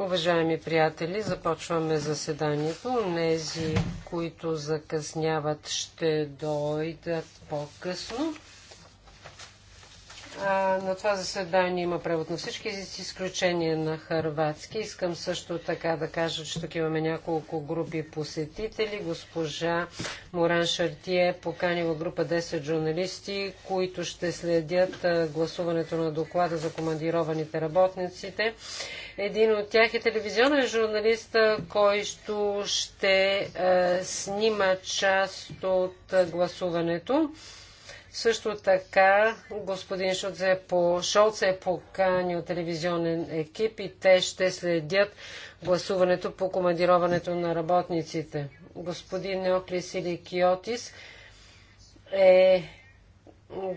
Уважаеми приятели, започваме заседанието. Нези, които закъсняват, ще дойдат по-късно. На това заседание има превод на всички, с изключение на харватски. Искам също така да кажа, че тук имаме няколко групи посетители. Госпожа Моран Шартие поканила група 10 журналисти, които ще следят гласуването на доклада за командированите работниците. Един от тях е телевизионен журналист, който ще снима част от гласуването. Също така господин Шолц е, по, Шолц е поканил телевизионен екип и те ще следят гласуването по командироването на работниците. Господин Неоклис или Киотис е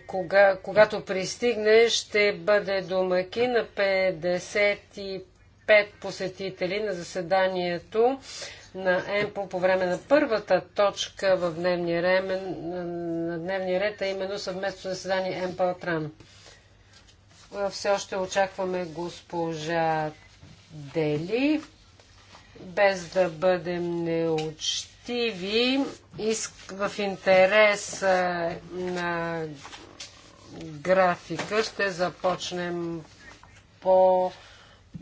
кога, когато пристигне, ще бъде домаки на 55 посетители на заседанието на ЕМПО по време на първата точка в дневния, ремен, на дневния ред, а именно съвместно заседание ЕМПО Тран. Все още очакваме госпожа Дели. Без да бъдем неучтиви, в интерес на графика ще започнем по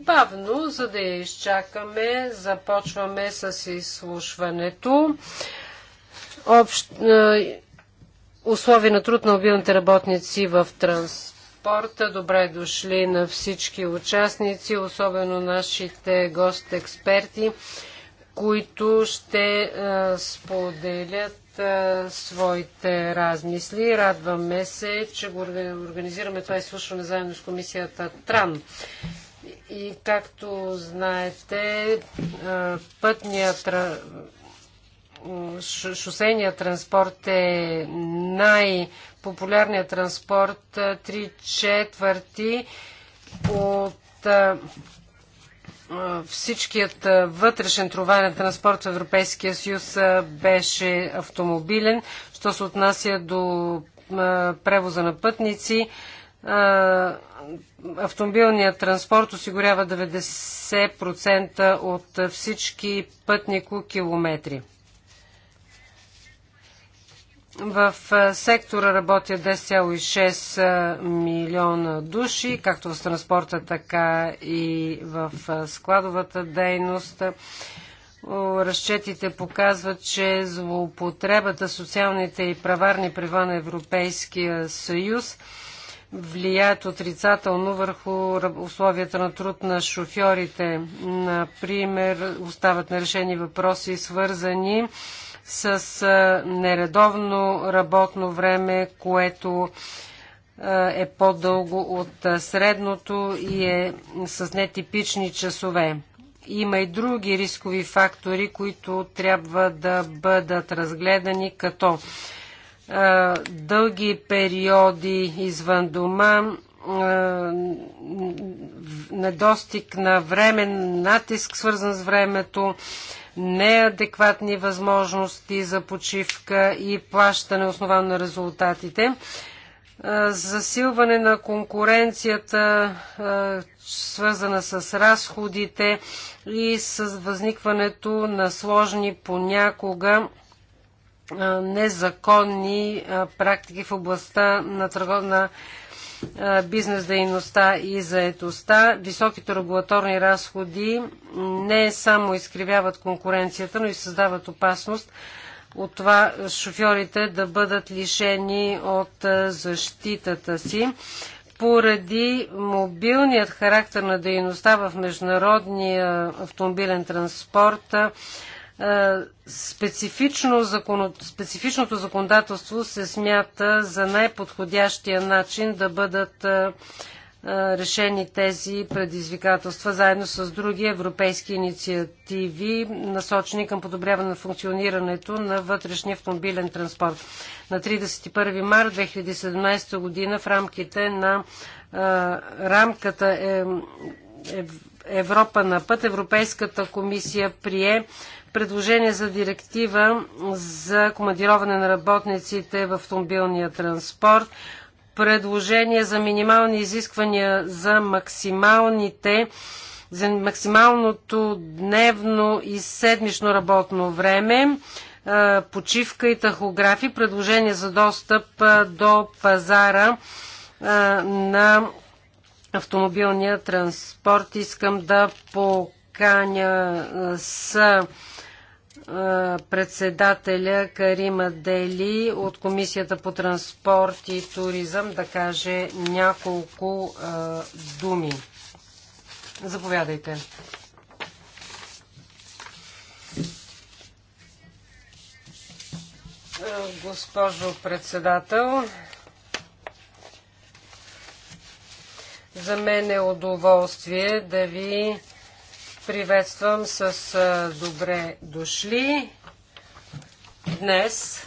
бавно, за да я изчакаме. Започваме с изслушването. Общ, условия на труд на обилните работници в транспорта. Добре дошли на всички участници, особено нашите гост-експерти, които ще а, споделят своите размисли. Радваме се, че го организираме това изслушване заедно с комисията ТРАН. И както знаете, пътният шосейният транспорт е най-популярният транспорт. Три четвърти от всичкият вътрешен товарен транспорт в Европейския съюз беше автомобилен. Що се отнася до превоза на пътници, автомобилният транспорт осигурява 90% от всички пътнико-километри. В сектора работят 10,6 милиона души, както в транспорта, така и в складовата дейност. Разчетите показват, че злоупотребата, социалните и праварни права на Европейския съюз – влияят отрицателно върху условията на труд на шофьорите. Например, остават нерешени въпроси, свързани с нередовно работно време, което е по-дълго от средното и е с нетипични часове. Има и други рискови фактори, които трябва да бъдат разгледани като дълги периоди извън дома, недостиг на време, натиск свързан с времето, неадекватни възможности за почивка и плащане основано на резултатите. Засилване на конкуренцията, свързана с разходите и с възникването на сложни понякога незаконни практики в областта на търговна бизнес дейността и заетостта. Високите регулаторни разходи не само изкривяват конкуренцията, но и създават опасност от това шофьорите да бъдат лишени от защитата си. Поради мобилният характер на дейността в международния автомобилен транспорт, е, специфично закон... специфичното законодателство се смята за най-подходящия начин да бъдат е, е, решени тези предизвикателства заедно с други европейски инициативи, насочени към подобряване на функционирането на вътрешния автомобилен транспорт. На 31 март 2017 година в рамките на рамката е, е, Европа на път Европейската комисия прие предложение за директива за командироване на работниците в автомобилния транспорт, предложение за минимални изисквания за максималните за максималното дневно и седмично работно време, почивка и тахографи, предложение за достъп до пазара на автомобилния транспорт. Искам да поканя с председателя Карима Дели от Комисията по транспорт и туризъм да каже няколко думи. Заповядайте. Госпожо председател, за мен е удоволствие да ви Приветствам с добре дошли. Днес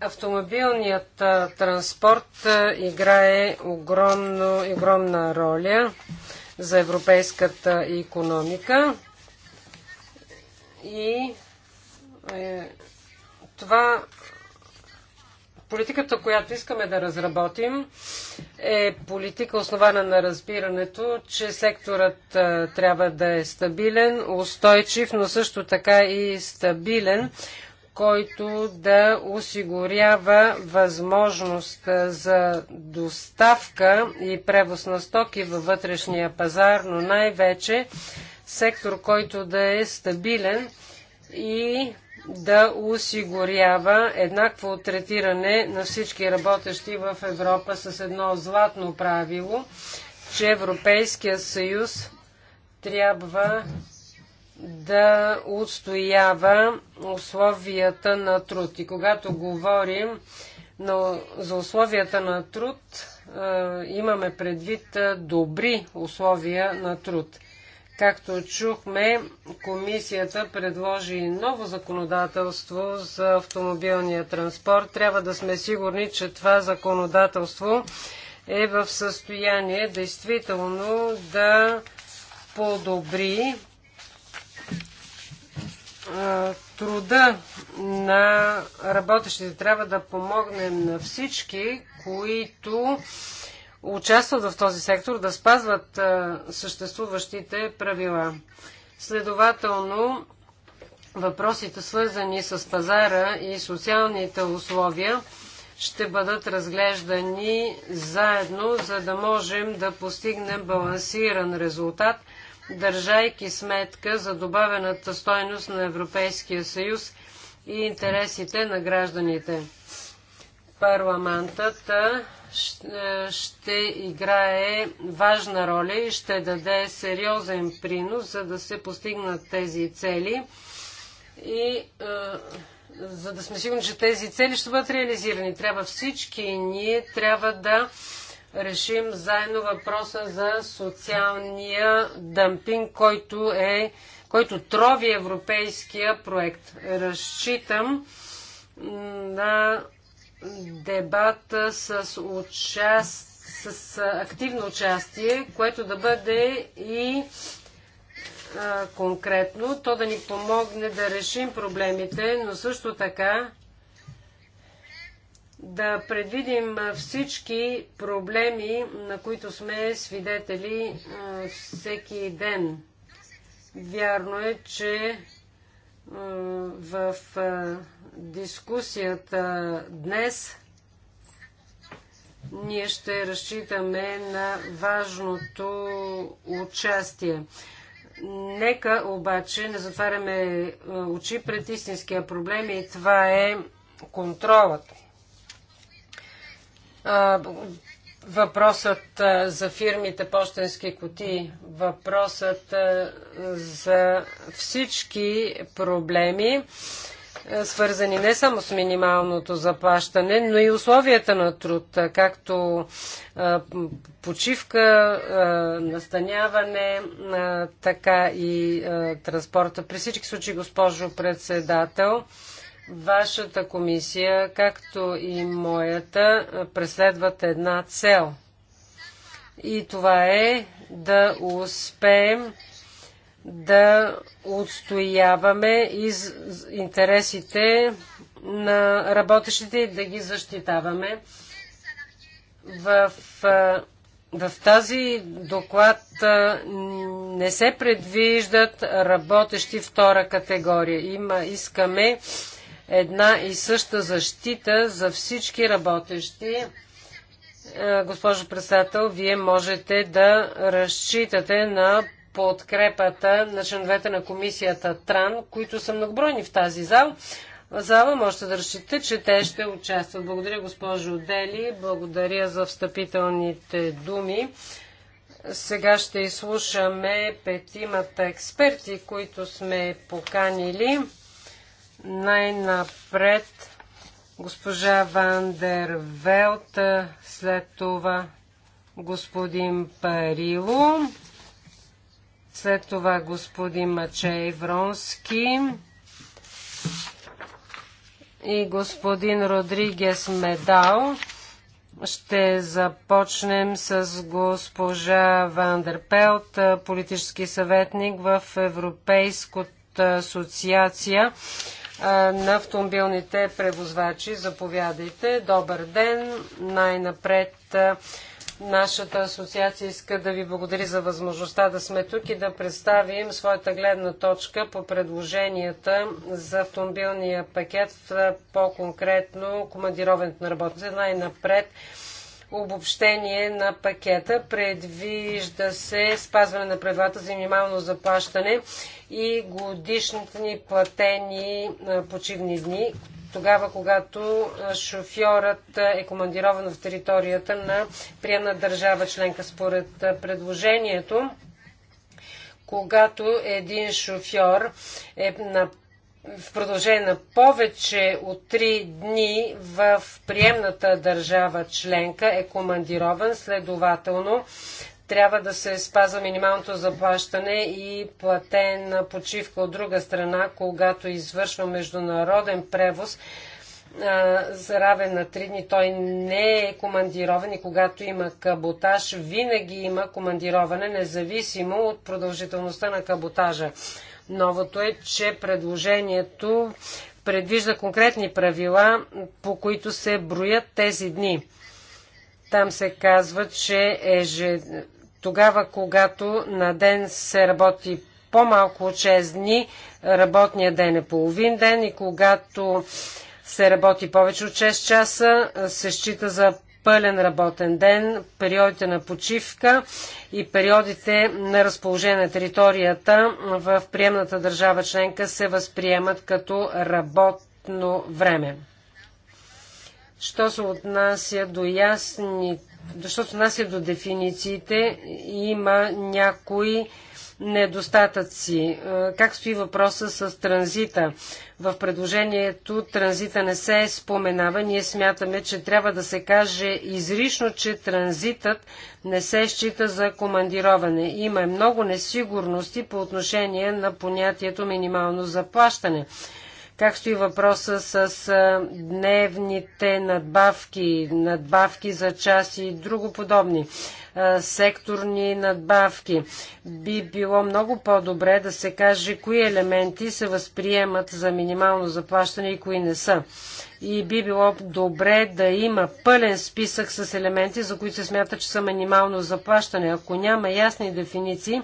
автомобилният транспорт играе огромно, огромна роля за европейската економика и е, това Политиката, която искаме да разработим, е политика основана на разбирането, че секторът а, трябва да е стабилен, устойчив, но също така и стабилен, който да осигурява възможност за доставка и превоз на стоки във вътрешния пазар, но най-вече сектор, който да е стабилен и да осигурява еднакво третиране на всички работещи в Европа с едно златно правило, че Европейския съюз трябва да отстоява условията на труд. И когато говорим но за условията на труд, имаме предвид добри условия на труд – Както чухме, комисията предложи ново законодателство за автомобилния транспорт. Трябва да сме сигурни, че това законодателство е в състояние действително да подобри труда на работещите. Трябва да помогнем на всички, които участват в този сектор, да спазват съществуващите правила. Следователно, въпросите свързани с пазара и социалните условия ще бъдат разглеждани заедно, за да можем да постигнем балансиран резултат, държайки сметка за добавената стойност на Европейския съюз и интересите на гражданите. Парламентът е, ще играе важна роля и ще даде сериозен принос, за да се постигнат тези цели и е, за да сме сигурни, че тези цели ще бъдат реализирани. Трябва всички ние трябва да решим заедно въпроса за социалния дъмпинг, който, е, който трови европейския проект. Разчитам на дебат с, участ... с активно участие, което да бъде и а, конкретно, то да ни помогне да решим проблемите, но също така да предвидим всички проблеми, на които сме свидетели а, всеки ден. Вярно е, че а, в а, дискусията днес ние ще разчитаме на важното участие. Нека обаче не затваряме очи пред истинския проблем и това е контролът. Въпросът за фирмите почтенски коти, въпросът за всички проблеми, е, свързани не само с минималното заплащане, но и условията на труд, е, както е, почивка, настаняване, така и транспорта. При всички случаи, госпожо председател, вашата комисия, както и моята, преследват една цел. И това е да успеем да отстояваме из интересите на работещите и да ги защитаваме. В, в тази доклад не се предвиждат работещи втора категория. Има, искаме една и съща защита за всички работещи. Госпожо председател, вие можете да разчитате на подкрепата на членовете на комисията ТРАН, които са многобройни в тази зал. Зала можете да решите, че те ще участват. Благодаря, госпожо Дели. Благодаря за встъпителните думи. Сега ще изслушаме петимата експерти, които сме поканили. Най-напред госпожа Вандер Велт, след това господин Парило. След това господин Мачей Вронски и господин Родригес Медал. Ще започнем с госпожа Вандерпелт, политически съветник в Европейската асоциация на автомобилните превозвачи. Заповядайте. Добър ден. Най-напред Нашата асоциация иска да ви благодари за възможността да сме тук и да представим своята гледна точка по предложенията за автомобилния пакет, по-конкретно командироването на работници. Най-напред обобщение на пакета. Предвижда се спазване на правилата за минимално заплащане и годишните ни платени почивни дни, тогава, когато шофьорът е командирован в територията на приемна държава членка. Според предложението, когато един шофьор е на в продължение на повече от три дни в приемната държава членка е командирован, следователно трябва да се спазва минималното заплащане и платена почивка. От друга страна, когато извършва международен превоз, за равен на 3 дни. Той не е командирован и когато има каботаж, винаги има командироване, независимо от продължителността на каботажа. Новото е, че предложението предвижда конкретни правила, по които се броят тези дни. Там се казва, че еже... Тогава, когато на ден се работи по-малко от 6 дни, работният ден е половин ден и когато се работи повече от 6 часа, се счита за пълен работен ден, периодите на почивка и периодите на разположение на територията в приемната държава членка се възприемат като работно време. Що се отнася до ясните защото нас е до дефинициите, има някои недостатъци. Е, как стои въпроса с транзита? В предложението транзита не се споменава. Ние смятаме, че трябва да се каже изрично, че транзитът не се счита за командироване. Има много несигурности по отношение на понятието минимално заплащане. Как стои въпроса с дневните надбавки, надбавки за час и друго подобни, секторни надбавки? Би било много по-добре да се каже кои елементи се възприемат за минимално заплащане и кои не са. И би било добре да има пълен списък с елементи, за които се смята, че са минимално заплащане. Ако няма ясни дефиниции,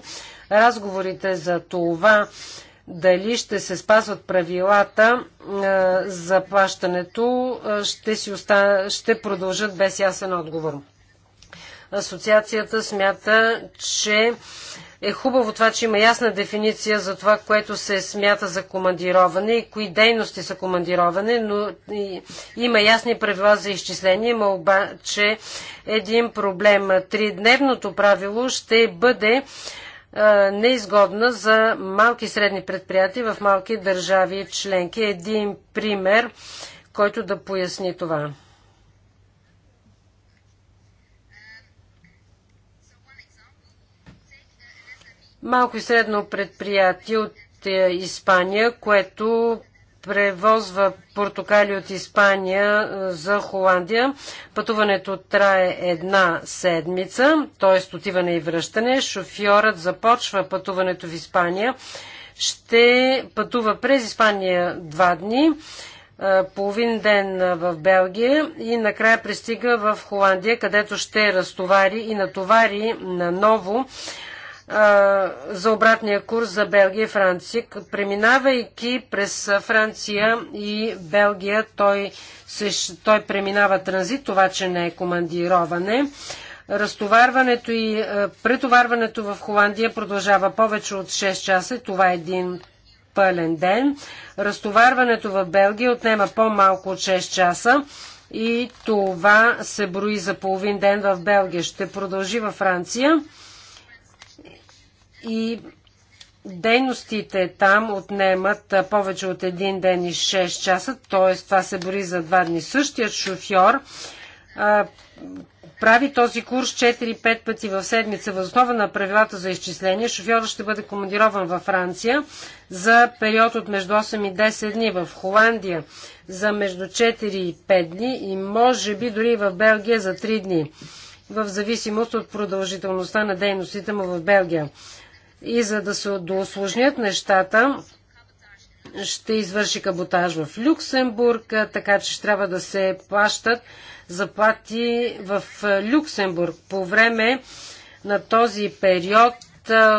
разговорите за това, дали ще се спазват правилата е, за плащането, е, ще, си оста... ще продължат без ясен отговор. Асоциацията смята, че е хубаво това, че има ясна дефиниция за това, което се смята за командироване и кои дейности са командироване, но има ясни правила за изчисление, има обаче един проблем. Тридневното правило ще бъде е, неизгодна за малки и средни предприятия в малки държави членки. Един пример, който да поясни това. Малко и средно предприятие от е, Испания, което превозва портокали от Испания е, за Холандия. Пътуването трае една седмица, т.е. отиване и връщане. Шофьорът започва пътуването в Испания. Ще пътува през Испания два дни, е, половин ден в Белгия и накрая пристига в Холандия, където ще разтовари и натовари наново за обратния курс за Белгия и Франция. Преминавайки през Франция и Белгия, той, се, той преминава транзит, това, че не е командироване. Разтоварването и претоварването в Холандия продължава повече от 6 часа. Това е един пълен ден. Разтоварването в Белгия отнема по-малко от 6 часа и това се брои за половин ден в Белгия. Ще продължи във Франция и дейностите там отнемат повече от един ден и 6 часа, т.е. това се бори за два дни. Същият шофьор а, прави този курс 4-5 пъти в седмица. Възоснова на правилата за изчисление, шофьорът ще бъде командирован във Франция за период от между 8 и 10 дни, в Холандия за между 4 и 5 дни и може би дори в Белгия за 3 дни, в зависимост от продължителността на дейностите му в Белгия и за да се доосложнят нещата, ще извърши каботаж в Люксембург, така че ще трябва да се плащат заплати в Люксембург. По време на този период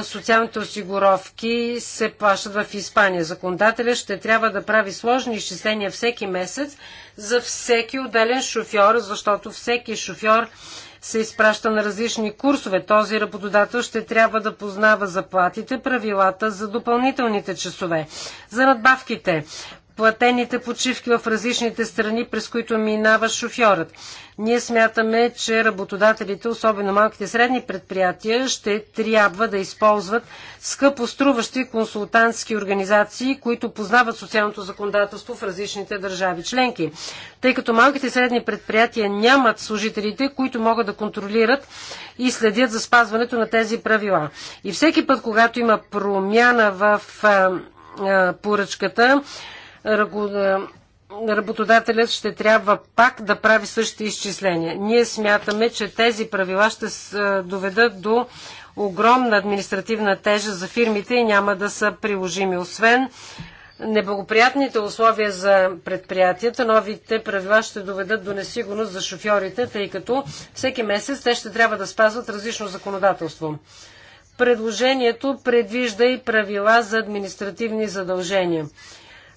социалните осигуровки се плащат в Испания. Законодателя ще трябва да прави сложни изчисления всеки месец за всеки отделен шофьор, защото всеки шофьор се изпраща на различни курсове. Този работодател ще трябва да познава заплатите, правилата за допълнителните часове, за надбавките, платените почивки в различните страни, през които минава шофьорът. Ние смятаме, че работодателите, особено малките и средни предприятия, ще трябва да използват скъпо струващи консултантски организации, които познават социалното законодателство в различните държави членки. Тъй като малките и средни предприятия нямат служителите, които могат да контролират и следят за спазването на тези правила. И всеки път, когато има промяна в поръчката, работодателят ще трябва пак да прави същите изчисления. Ние смятаме, че тези правила ще е, доведат до огромна административна тежа за фирмите и няма да са приложими. Освен неблагоприятните условия за предприятията, новите правила ще доведат до несигурност за шофьорите, тъй като всеки месец те ще трябва да спазват различно законодателство. Предложението предвижда и правила за административни задължения.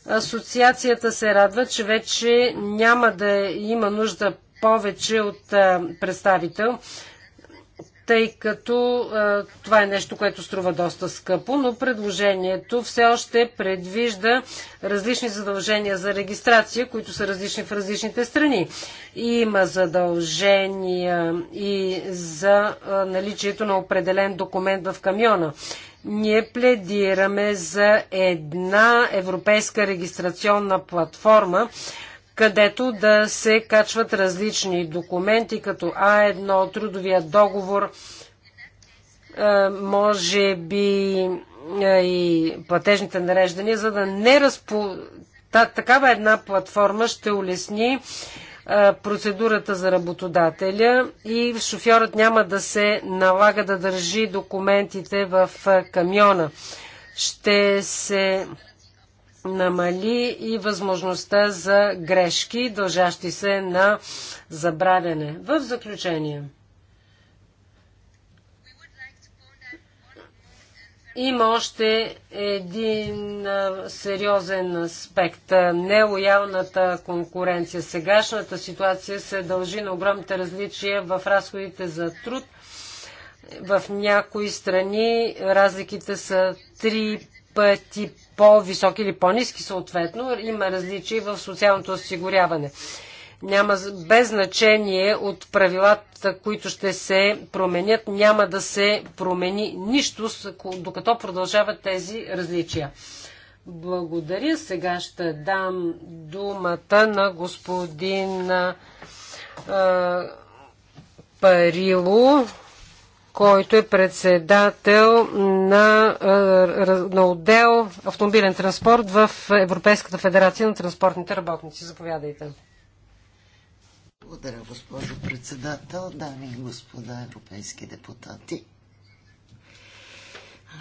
Асоциацията се радва, че вече няма да има нужда повече от представител, тъй като това е нещо, което струва доста скъпо, но предложението все още предвижда различни задължения за регистрация, които са различни в различните страни. Има задължения и за наличието на определен документ в камиона. Ние пледираме за една европейска регистрационна платформа, където да се качват различни документи, като А1, трудовия договор, може би и платежните нареждания, за да не разпо... такава една платформа ще улесни процедурата за работодателя и шофьорът няма да се налага да държи документите в камиона. Ще се намали и възможността за грешки, дължащи се на забравяне. В заключение. Има още един сериозен аспект. Нелоялната конкуренция. Сегашната ситуация се дължи на огромните различия в разходите за труд. В някои страни разликите са три пъти по-високи или по-низки съответно. Има различия в социалното осигуряване няма, без значение от правилата, които ще се променят, няма да се промени нищо, докато продължават тези различия. Благодаря. Сега ще дам думата на господин а, Парило, който е председател на, на отдел автомобилен транспорт в Европейската федерация на транспортните работници. Заповядайте. Благодаря, госпожо председател, дами и господа европейски депутати.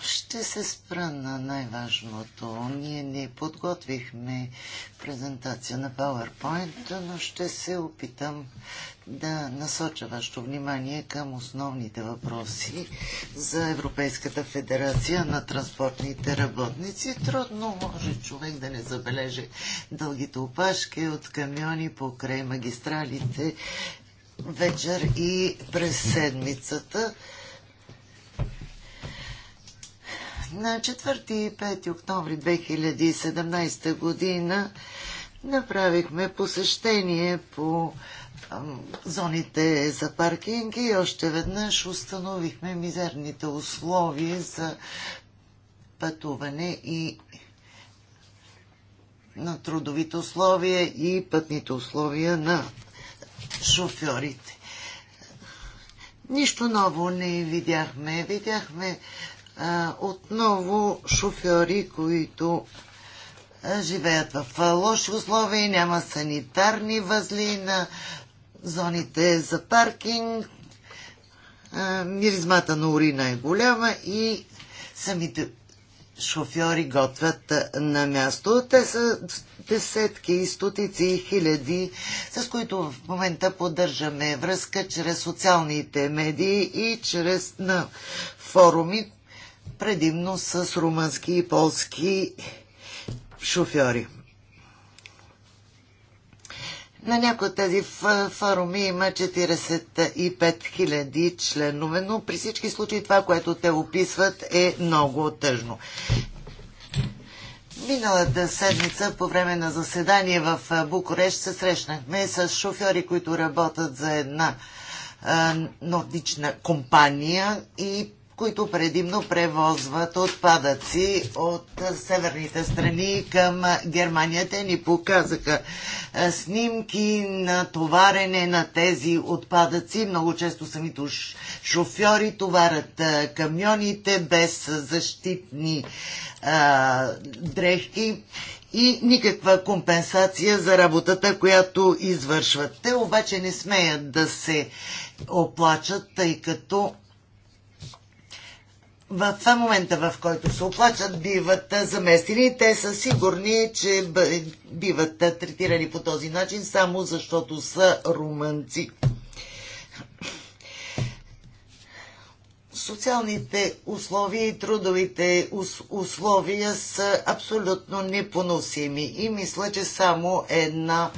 Ще се спра на най-важното. Ние не подготвихме презентация на PowerPoint, но ще се опитам да насоча вашето внимание към основните въпроси за Европейската федерация на транспортните работници. Трудно може човек да не забележи дългите опашки от камиони покрай магистралите вечер и през седмицата. На 4 и 5 октомври 2017 година направихме посещение по зоните за паркинг и още веднъж установихме мизерните условия за пътуване и на трудовите условия и пътните условия на шофьорите. Нищо ново не видяхме. Видяхме а, отново шофьори, които живеят в лоши условия, няма санитарни възли на зоните за паркинг, миризмата на урина е голяма и самите шофьори готвят на място. Те са десетки и стотици и хиляди, с които в момента поддържаме връзка чрез социалните медии и чрез на форуми, предимно с румънски и полски шофьори. На някои от тези форуми има 45 000 членове, но при всички случаи това, което те описват е много тъжно. Миналата седмица по време на заседание в Букурещ се срещнахме с шофьори, които работят за една нордична компания и които предимно превозват отпадъци от северните страни към Германия. Те ни показаха снимки на товарене на тези отпадъци. Много често самите шофьори товарят камионите без защитни а, дрехи и никаква компенсация за работата, която извършват. Те обаче не смеят да се оплачат, тъй като в момента, в който се оплачат, биват заместени. Те са сигурни, че биват третирани по този начин, само защото са румънци. Социалните условия и трудовите условия са абсолютно непоносими и мисля, че само една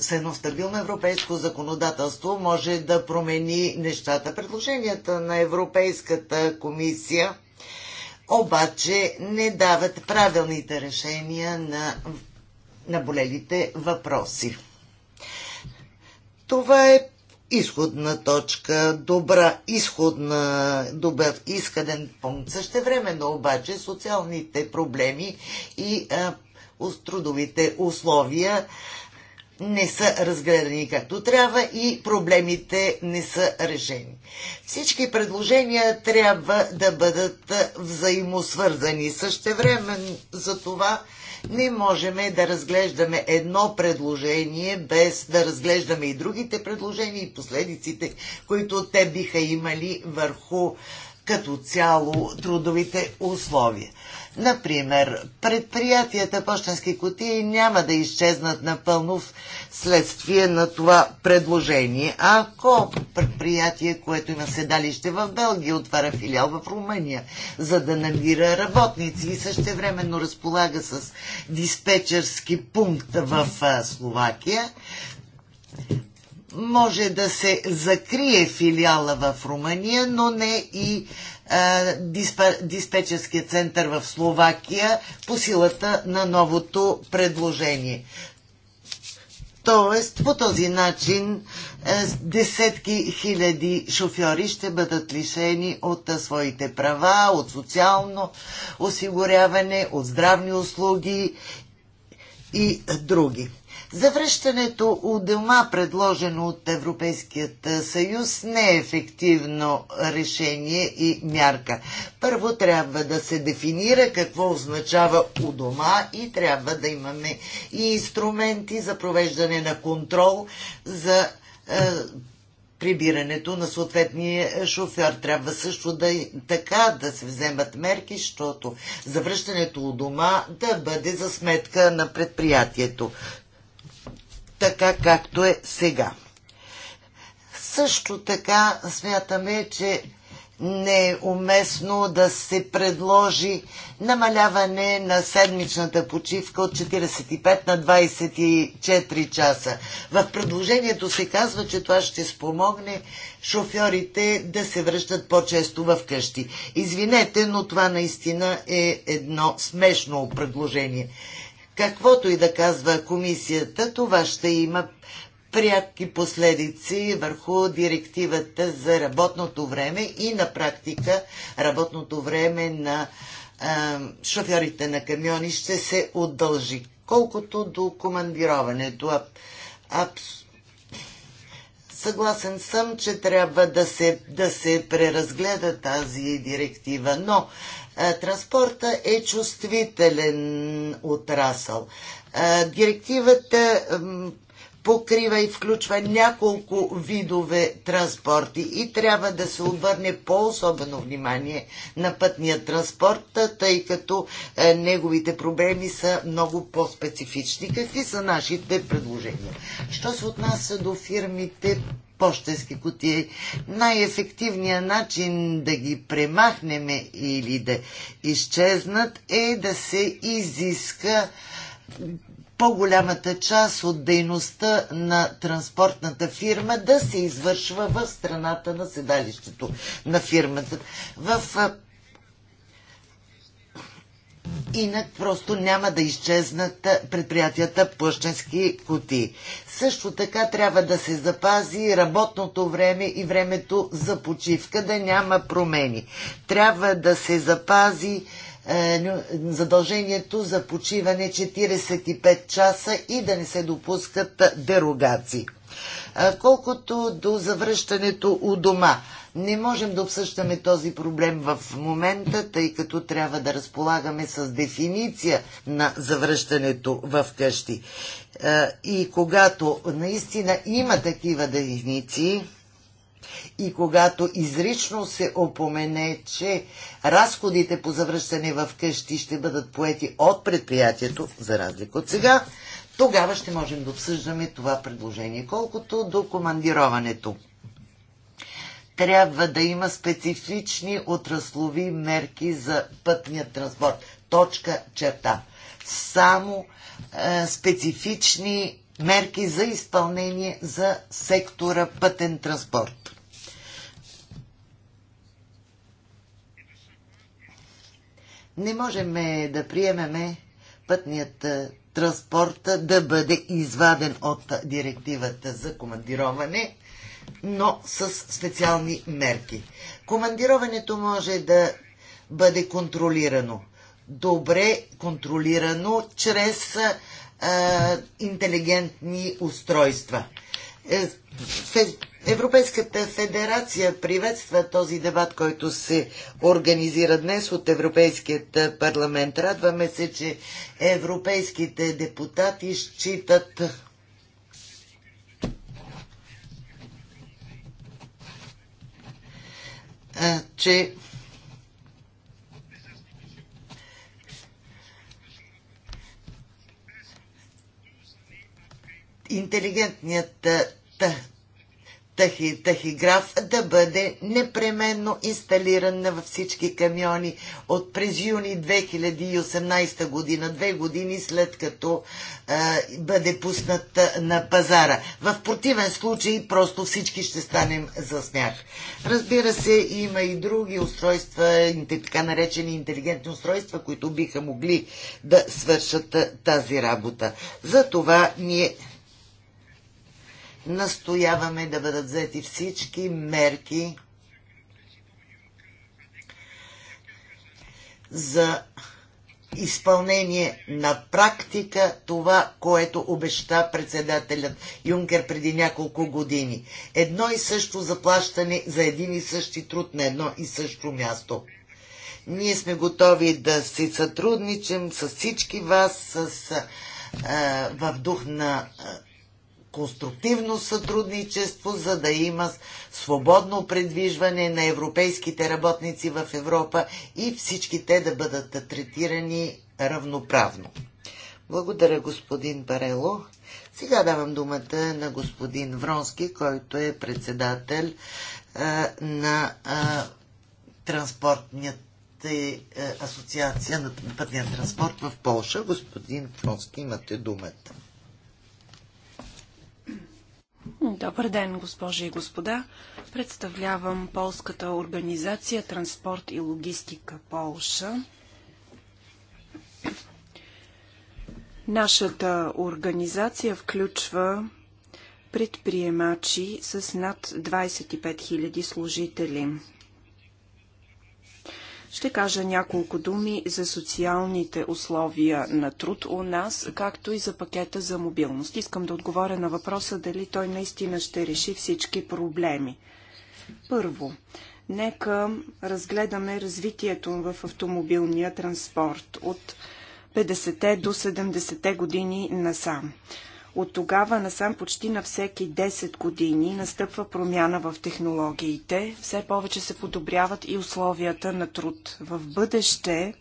с едно стабилно европейско законодателство може да промени нещата. Предложенията на Европейската комисия обаче не дават правилните решения на наболелите въпроси. Това е изходна точка, добра изходна, добър изходен пункт. също но обаче социалните проблеми и а, трудовите условия не са разгледани както трябва и проблемите не са решени. Всички предложения трябва да бъдат взаимосвързани. време за това не можем да разглеждаме едно предложение без да разглеждаме и другите предложения и последиците, които те биха имали върху като цяло трудовите условия. Например, предприятията почтенски кутии няма да изчезнат напълно следствие на това предложение. Ако предприятие, което има седалище в Белгия, отваря филиал в Румъния, за да намира работници и същевременно разполага с диспетчерски пункт в Словакия, може да се закрие филиала в Румъния, но не и диспетчерския център в Словакия по силата на новото предложение. Тоест, по този начин десетки хиляди шофьори ще бъдат лишени от своите права, от социално осигуряване, от здравни услуги и други. Завръщането у дома, предложено от Европейският съюз, не е ефективно решение и мярка. Първо трябва да се дефинира какво означава у дома и трябва да имаме и инструменти за провеждане на контрол за прибирането на съответния шофьор. Трябва също да така да се вземат мерки, защото завръщането у дома да бъде за сметка на предприятието така както е сега. Също така смятаме, че не е уместно да се предложи намаляване на седмичната почивка от 45 на 24 часа. В предложението се казва, че това ще спомогне шофьорите да се връщат по-често в къщи. Извинете, но това наистина е едно смешно предложение каквото и да казва комисията, това ще има прятки последици върху директивата за работното време и на практика работното време на а, шофьорите на камиони ще се удължи. Колкото до командироването, аб, съгласен съм, че трябва да се, да се преразгледа тази директива, но е, транспорта е чувствителен отрасъл. Е, директивата покрива и включва няколко видове транспорти и трябва да се обърне по-особено внимание на пътния транспорт, тъй като е, неговите проблеми са много по-специфични. Какви са нашите предложения? Що се отнася до фирмите пощенски кутии. Най-ефективният начин да ги премахнем или да изчезнат е да се изиска по-голямата част от дейността на транспортната фирма да се извършва в страната на седалището на фирмата. В Инак просто няма да изчезнат предприятията плъщенски кутии. Също така трябва да се запази работното време и времето за почивка, да няма промени. Трябва да се запази е, задължението за почиване 45 часа и да не се допускат дерогации. Колкото до завръщането у дома, не можем да обсъщаме този проблем в момента, тъй като трябва да разполагаме с дефиниция на завръщането в къщи. И когато наистина има такива дефиниции, и когато изрично се опомене, че разходите по завръщане в къщи ще бъдат поети от предприятието, за разлика от сега, тогава ще можем да обсъждаме това предложение. Колкото до командироването. Трябва да има специфични отраслови мерки за пътния транспорт. Точка черта. Само е, специфични мерки за изпълнение за сектора пътен транспорт. Не можем да приемеме пътният е, транспорта да бъде изваден от директивата за командироване, но с специални мерки. Командироването може да бъде контролирано. Добре контролирано чрез а, интелигентни устройства. Е, Европейската федерация приветства този дебат, който се организира днес от Европейският парламент. Радваме се, че европейските депутати считат че интелигентният тахи, тахиграф да бъде непременно инсталиран във всички камиони от през юни 2018 година, две години след като е, бъде пуснат на пазара. В противен случай просто всички ще станем за смях. Разбира се, има и други устройства, така наречени интелигентни устройства, които биха могли да свършат тази работа. За това ние настояваме да бъдат взети всички мерки за изпълнение на практика това, което обеща председателят Юнкер преди няколко години. Едно и също заплащане за един и същи труд на едно и също място. Ние сме готови да си сътрудничим с всички вас с, а, в дух на а, конструктивно сътрудничество, за да има свободно предвижване на европейските работници в Европа и всички те да бъдат третирани равноправно. Благодаря, господин Барело. Сега давам думата на господин Вронски, който е председател а, на а, транспортният е, асоциация на пътния транспорт в Польша. Господин Вронски, имате думата. Добър ден, госпожи и господа. Представлявам полската организация Транспорт и логистика Полша. Нашата организация включва предприемачи с над 25 000 служители. Ще кажа няколко думи за социалните условия на труд у нас, както и за пакета за мобилност. Искам да отговоря на въпроса дали той наистина ще реши всички проблеми. Първо, нека разгледаме развитието в автомобилния транспорт от 50-те до 70-те години насам. От тогава насам почти на всеки 10 години настъпва промяна в технологиите. Все повече се подобряват и условията на труд. В бъдеще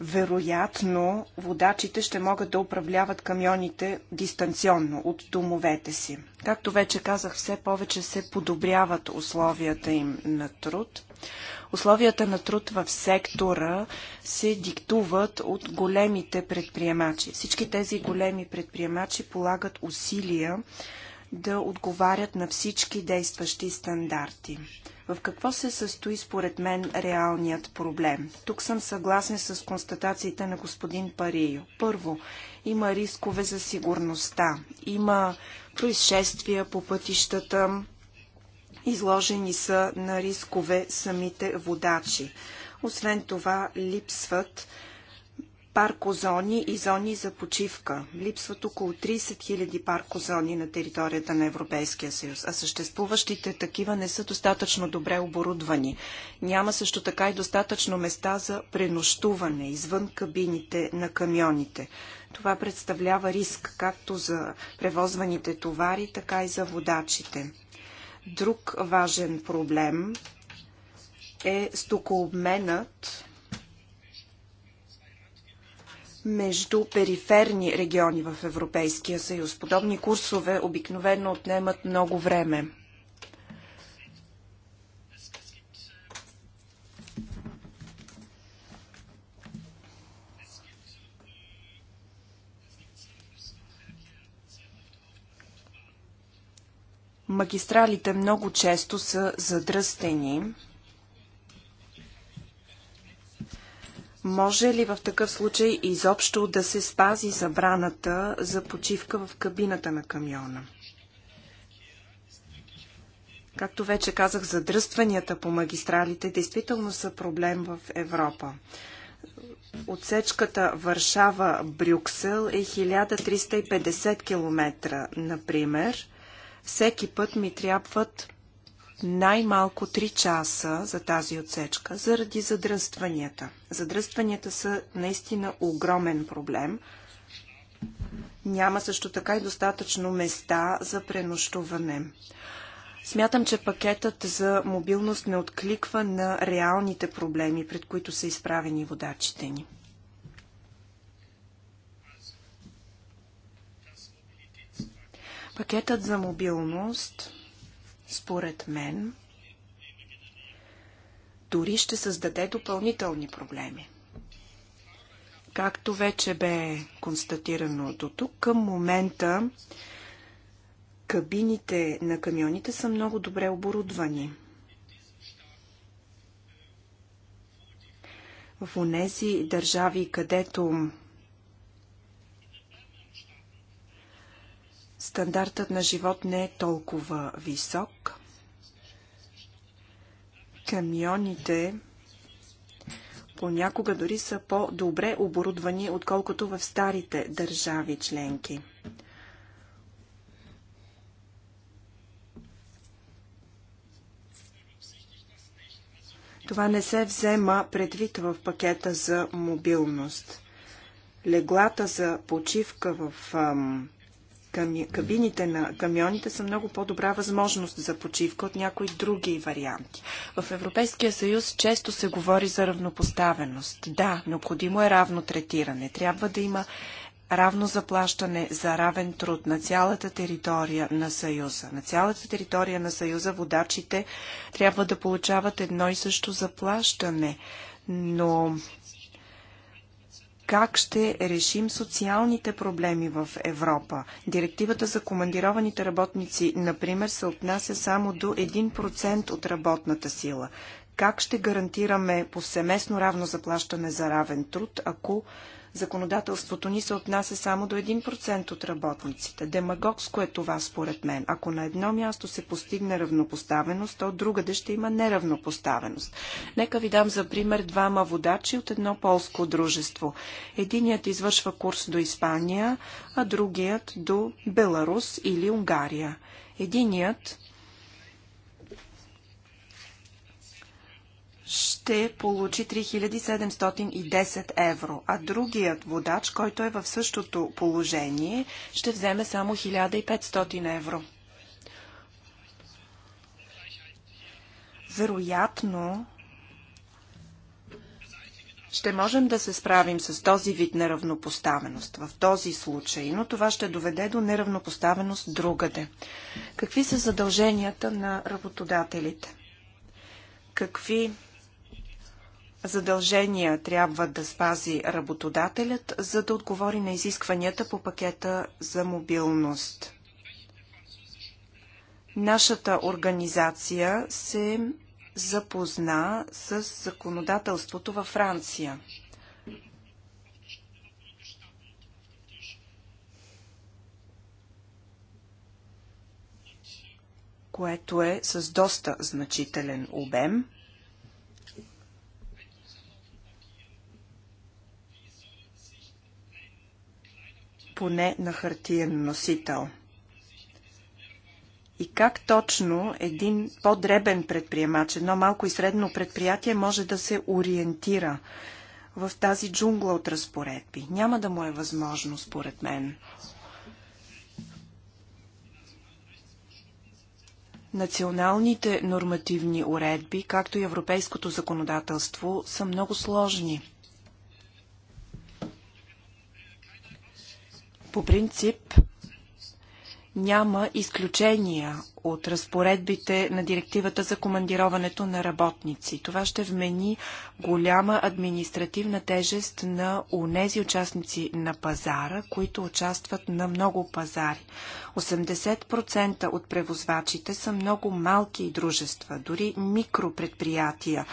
вероятно водачите ще могат да управляват камионите дистанционно от домовете си. Както вече казах, все повече се подобряват условията им на труд. Условията на труд в сектора се диктуват от големите предприемачи. Всички тези големи предприемачи полагат усилия да отговарят на всички действащи стандарти. В какво се състои според мен реалният проблем? Тук съм съгласен с констатациите на господин Парио. Първо, има рискове за сигурността. Има происшествия по пътищата, Изложени са на рискове самите водачи. Освен това, липсват паркозони и зони за почивка. Липсват около 30 000 паркозони на територията на Европейския съюз, а съществуващите такива не са достатъчно добре оборудвани. Няма също така и достатъчно места за пренощуване извън кабините на камионите. Това представлява риск както за превозваните товари, така и за водачите. Друг важен проблем е стокообменът между периферни региони в Европейския съюз. Подобни курсове обикновено отнемат много време. Магистралите много често са задръстени. Може ли в такъв случай изобщо да се спази забраната за почивка в кабината на камиона? Както вече казах, задръстванията по магистралите действително са проблем в Европа. Отсечката Варшава-Брюксел е 1350 км, например. Всеки път ми трябват най-малко 3 часа за тази отсечка, заради задръстванията. Задръстванията са наистина огромен проблем. Няма също така и достатъчно места за пренощуване. Смятам, че пакетът за мобилност не откликва на реалните проблеми, пред които са изправени водачите ни. Пакетът за мобилност, според мен, дори ще създаде допълнителни проблеми. Както вече бе констатирано до тук, към момента кабините на камионите са много добре оборудвани. В онези държави, където Стандартът на живот не е толкова висок. Камионите понякога дори са по-добре оборудвани, отколкото в старите държави членки. Това не се взема предвид в пакета за мобилност. Леглата за почивка в ам, кабините на камионите са много по-добра възможност за почивка от някои други варианти. В Европейския съюз често се говори за равнопоставеност. Да, необходимо е равно третиране. Трябва да има равно заплащане за равен труд на цялата територия на Съюза. На цялата територия на Съюза водачите трябва да получават едно и също заплащане, но как ще решим социалните проблеми в Европа. Директивата за командированите работници, например, се отнася само до 1% от работната сила. Как ще гарантираме повсеместно равно заплащане за равен труд, ако законодателството ни се отнася само до 1% от работниците. Демагогско е това според мен. Ако на едно място се постигне равнопоставеност, то другаде ще има неравнопоставеност. Нека ви дам за пример двама водачи от едно полско дружество. Единият извършва курс до Испания, а другият до Беларус или Унгария. Единият ще получи 3710 евро, а другият водач, който е в същото положение, ще вземе само 1500 евро. Вероятно, ще можем да се справим с този вид неравнопоставеност в този случай, но това ще доведе до неравнопоставеност другаде. Какви са задълженията на работодателите? Какви задължения трябва да спази работодателят, за да отговори на изискванията по пакета за мобилност. Нашата организация се запозна с законодателството във Франция. което е с доста значителен обем. поне на хартиен носител. И как точно един по-дребен предприемач, едно малко и средно предприятие може да се ориентира в тази джунгла от разпоредби? Няма да му е възможно, според мен. Националните нормативни уредби, както и европейското законодателство, са много сложни. По принцип няма изключения от разпоредбите на директивата за командироването на работници. Това ще вмени голяма административна тежест на унези участници на пазара, които участват на много пазари. 80% от превозвачите са много малки дружества, дори микропредприятия,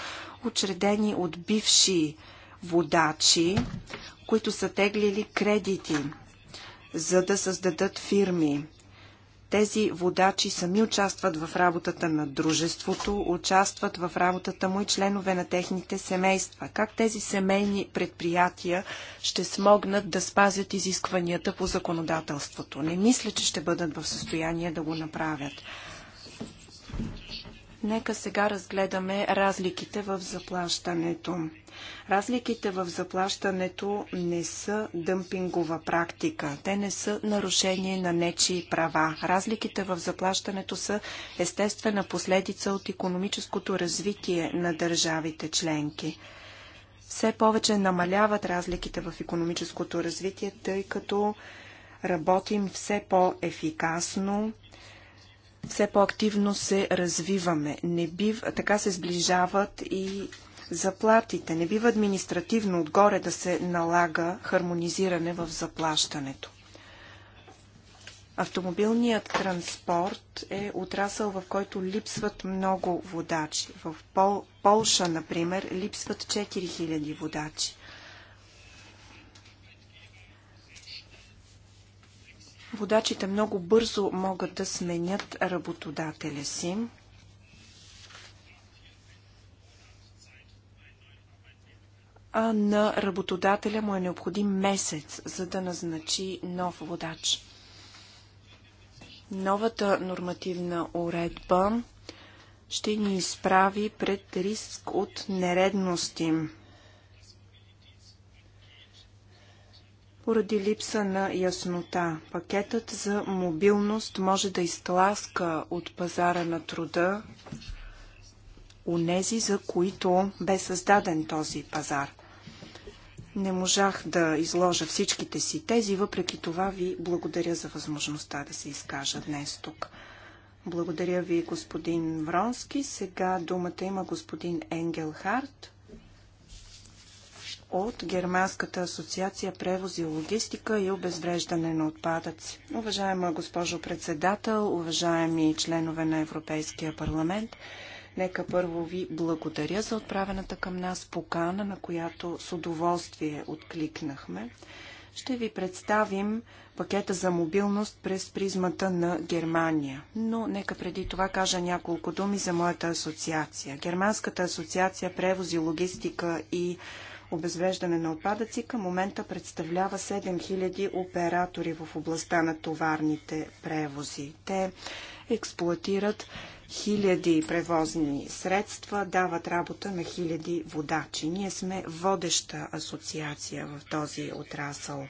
учредени от бивши водачи, които са теглили кредити за да създадат фирми. Тези водачи сами участват в работата на дружеството, участват в работата му и членове на техните семейства. Как тези семейни предприятия ще смогнат да спазят изискванията по законодателството? Не мисля, че ще бъдат в състояние да го направят. Нека сега разгледаме разликите в заплащането. Разликите в заплащането не са дъмпингова практика. Те не са нарушение на нечи права. Разликите в заплащането са естествена последица от економическото развитие на държавите членки все повече намаляват разликите в економическото развитие, тъй като работим все по-ефикасно, все по-активно се развиваме. Не бив, така се сближават и заплатите. Не бива административно отгоре да се налага хармонизиране в заплащането. Автомобилният транспорт е отрасъл, в който липсват много водачи. В Пол, Полша, например, липсват 4000 водачи. Водачите много бързо могат да сменят работодателя си. А на работодателя му е необходим месец, за да назначи нов водач. Новата нормативна уредба ще ни изправи пред риск от нередности. поради липса на яснота. Пакетът за мобилност може да изтласка от пазара на труда унези, за които бе създаден този пазар. Не можах да изложа всичките си тези, въпреки това ви благодаря за възможността да се изкажа днес тук. Благодаря ви, господин Вронски. Сега думата има господин Енгел Харт от Германската асоциация превози и логистика и обезвреждане на отпадъци. Уважаема госпожо председател, уважаеми членове на Европейския парламент, нека първо ви благодаря за отправената към нас покана, на която с удоволствие откликнахме. Ще ви представим пакета за мобилност през призмата на Германия. Но нека преди това кажа няколко думи за моята асоциация. Германската асоциация превози, логистика и обезвреждане на отпадъци към момента представлява 7000 оператори в областта на товарните превози. Те експлуатират хиляди превозни средства, дават работа на хиляди водачи. Ние сме водеща асоциация в този отрасъл.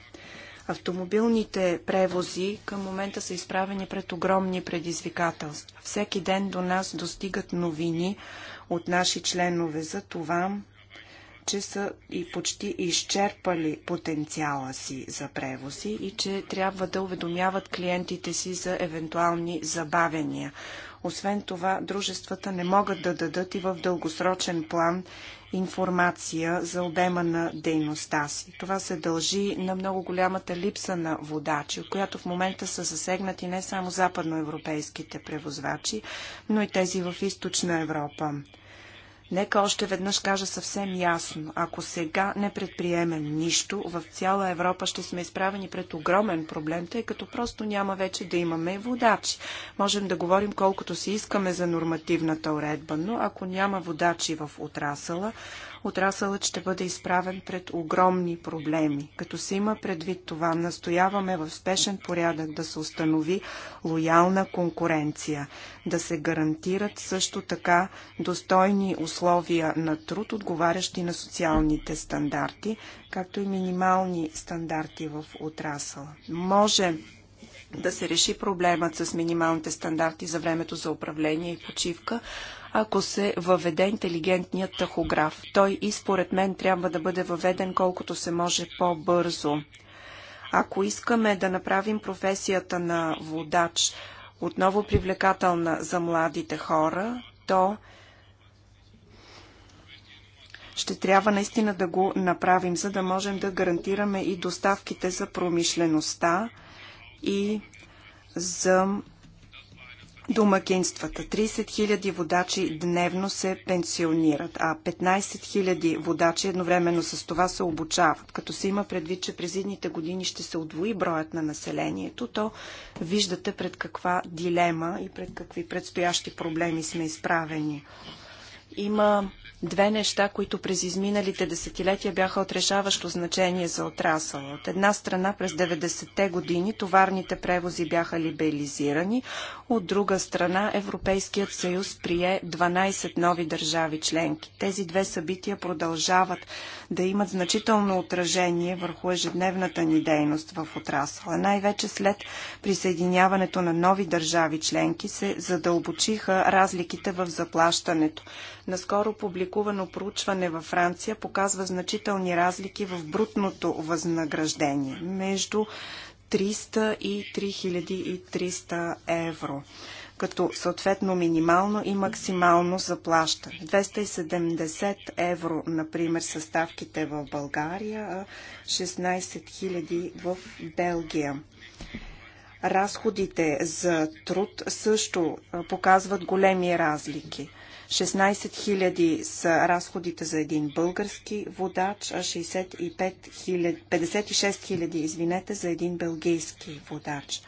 Автомобилните превози към момента са изправени пред огромни предизвикателства. Всеки ден до нас достигат новини от наши членове за това, че са и почти изчерпали потенциала си за превози и че трябва да уведомяват клиентите си за евентуални забавения. Освен това, дружествата не могат да дадат и в дългосрочен план информация за обема на дейността си. Това се дължи на много голямата липса на водачи, от която в момента са засегнати не само западноевропейските превозвачи, но и тези в източна Европа. Нека още веднъж кажа съвсем ясно. Ако сега не предприемем нищо, в цяла Европа ще сме изправени пред огромен проблем, тъй като просто няма вече да имаме водачи. Можем да говорим колкото си искаме за нормативната уредба, но ако няма водачи в отрасъла, отрасълът ще бъде изправен пред огромни проблеми. Като се има предвид това, настояваме в спешен порядък да се установи лоялна конкуренция, да се гарантират също така достойни условия на труд, отговарящи на социалните стандарти, както и минимални стандарти в отрасъла. Може да се реши проблемът с минималните стандарти за времето за управление и почивка, ако се въведе интелигентният тахограф. Той и според мен трябва да бъде въведен колкото се може по-бързо. Ако искаме да направим професията на водач отново привлекателна за младите хора, то ще трябва наистина да го направим, за да можем да гарантираме и доставките за промишлеността, и за домакинствата. 30 000 водачи дневно се пенсионират, а 15 000 водачи едновременно с това се обучават. Като се има предвид, че през едните години ще се удвои броят на населението, то виждате пред каква дилема и пред какви предстоящи проблеми сме изправени. Има две неща, които през изминалите десетилетия бяха от решаващо значение за отрасъл. От една страна през 90-те години товарните превози бяха либерализирани, от друга страна Европейският съюз прие 12 нови държави членки. Тези две събития продължават да имат значително отражение върху ежедневната ни дейност в отрасъла. Най-вече след присъединяването на нови държави членки се задълбочиха разликите в заплащането. Наскоро публикувано проучване във Франция показва значителни разлики в брутното възнаграждение между 300 и 3300 евро като съответно минимално и максимално заплащане. 270 евро, например, са ставките в България, а 16 000 в Белгия. Разходите за труд също показват големи разлики. 16 000 са разходите за един български водач, а 65 000, 56 000 извинете, за един белгийски водач.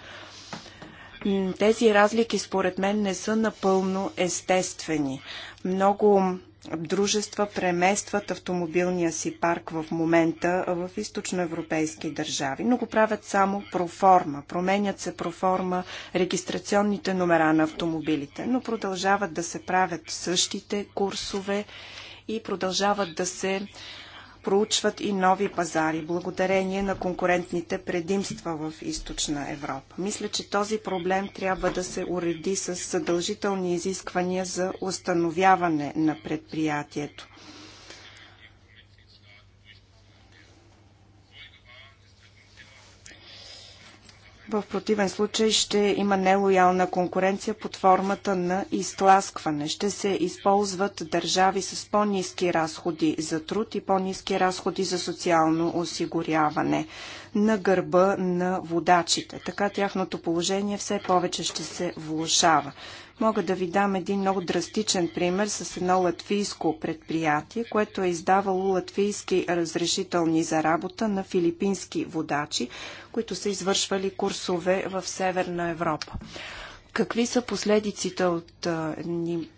Тези разлики според мен не са напълно естествени. Много дружества преместват автомобилния си парк в момента в източноевропейски държави, но го правят само проформа. Променят се проформа регистрационните номера на автомобилите, но продължават да се правят същите курсове и продължават да се проучват и нови пазари, благодарение на конкурентните предимства в източна Европа. Мисля, че този проблем трябва да се уреди с съдължителни изисквания за установяване на предприятието. В противен случай ще има нелоялна конкуренция под формата на изтласкване. Ще се използват държави с по-низки разходи за труд и по-низки разходи за социално осигуряване на гърба на водачите. Така тяхното положение все повече ще се влушава. Мога да ви дам един много драстичен пример с едно латвийско предприятие, което е издавало латвийски разрешителни за работа на филипински водачи, които са извършвали курсове в Северна Европа. Какви са последиците от ни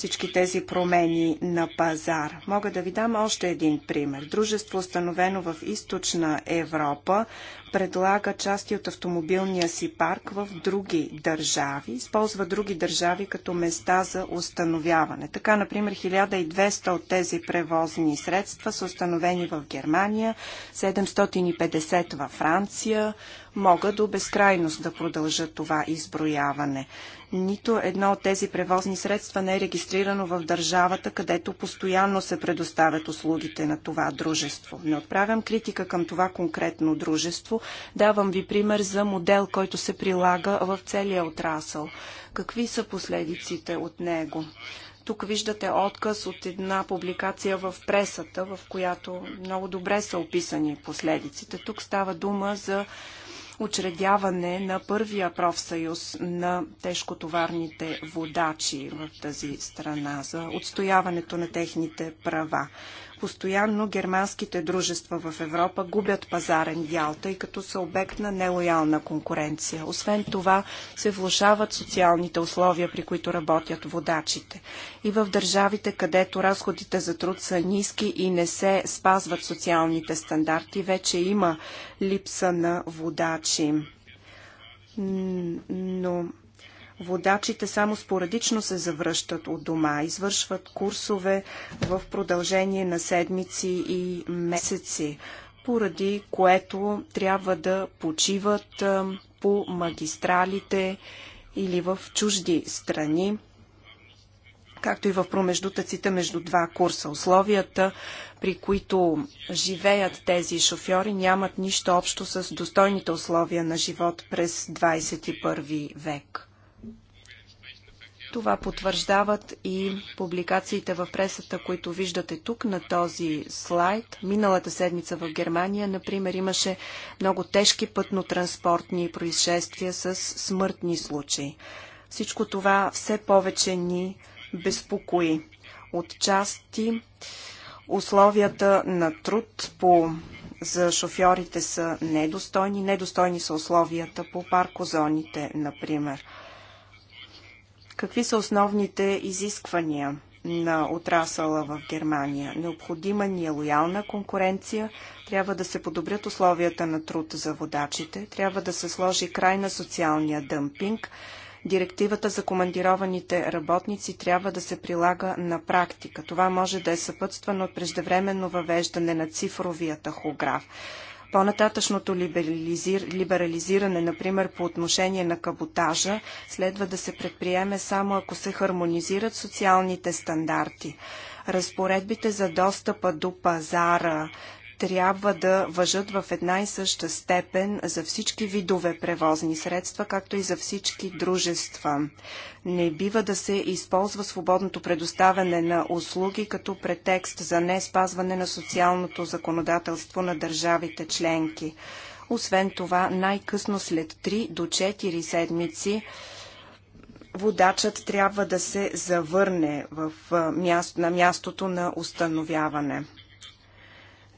всички тези промени на пазар. Мога да ви дам още един пример. Дружество, установено в източна Европа, предлага части от автомобилния си парк в други държави, използва други държави като места за установяване. Така, например, 1200 от тези превозни средства са установени в Германия, 750 във Франция, Мога до безкрайност да продължа това изброяване. Нито едно от тези превозни средства не е регистрирано в държавата, където постоянно се предоставят услугите на това дружество. Не отправям критика към това конкретно дружество. Давам ви пример за модел, който се прилага в целия отрасъл. Какви са последиците от него? Тук виждате отказ от една публикация в пресата, в която много добре са описани последиците. Тук става дума за учредяване на първия профсъюз на тежкотоварните водачи в тази страна, за отстояването на техните права. Постоянно германските дружества в Европа губят пазарен дял, тъй като са обект на нелоялна конкуренция. Освен това се влушават социалните условия, при които работят водачите. И в държавите, където разходите за труд са ниски и не се спазват социалните стандарти, вече има липса на водачи. Но водачите само спорадично се завръщат от дома, извършват курсове в продължение на седмици и месеци, поради което трябва да почиват по магистралите или в чужди страни, както и в промеждутъците между два курса. Условията, при които живеят тези шофьори, нямат нищо общо с достойните условия на живот през 21 век. Това потвърждават и публикациите в пресата, които виждате тук на този слайд. Миналата седмица в Германия, например, имаше много тежки пътно-транспортни происшествия с смъртни случаи. Всичко това все повече ни безпокои. Отчасти условията на труд по за шофьорите са недостойни. Недостойни са условията по паркозоните, например. Какви са основните изисквания на отрасъла в Германия? Необходима ни е лоялна конкуренция, трябва да се подобрят условията на труд за водачите, трябва да се сложи край на социалния дъмпинг, директивата за командированите работници трябва да се прилага на практика. Това може да е съпътствано от преждевременно въвеждане на цифровия тахограф. По-нататъчното либерализиране, например по отношение на каботажа, следва да се предприеме само ако се хармонизират социалните стандарти разпоредбите за достъпа до пазара трябва да въжат в една и съща степен за всички видове превозни средства, както и за всички дружества. Не бива да се използва свободното предоставяне на услуги като претекст за не спазване на социалното законодателство на държавите членки. Освен това, най-късно след 3 до 4 седмици водачът трябва да се завърне в място, на мястото на установяване.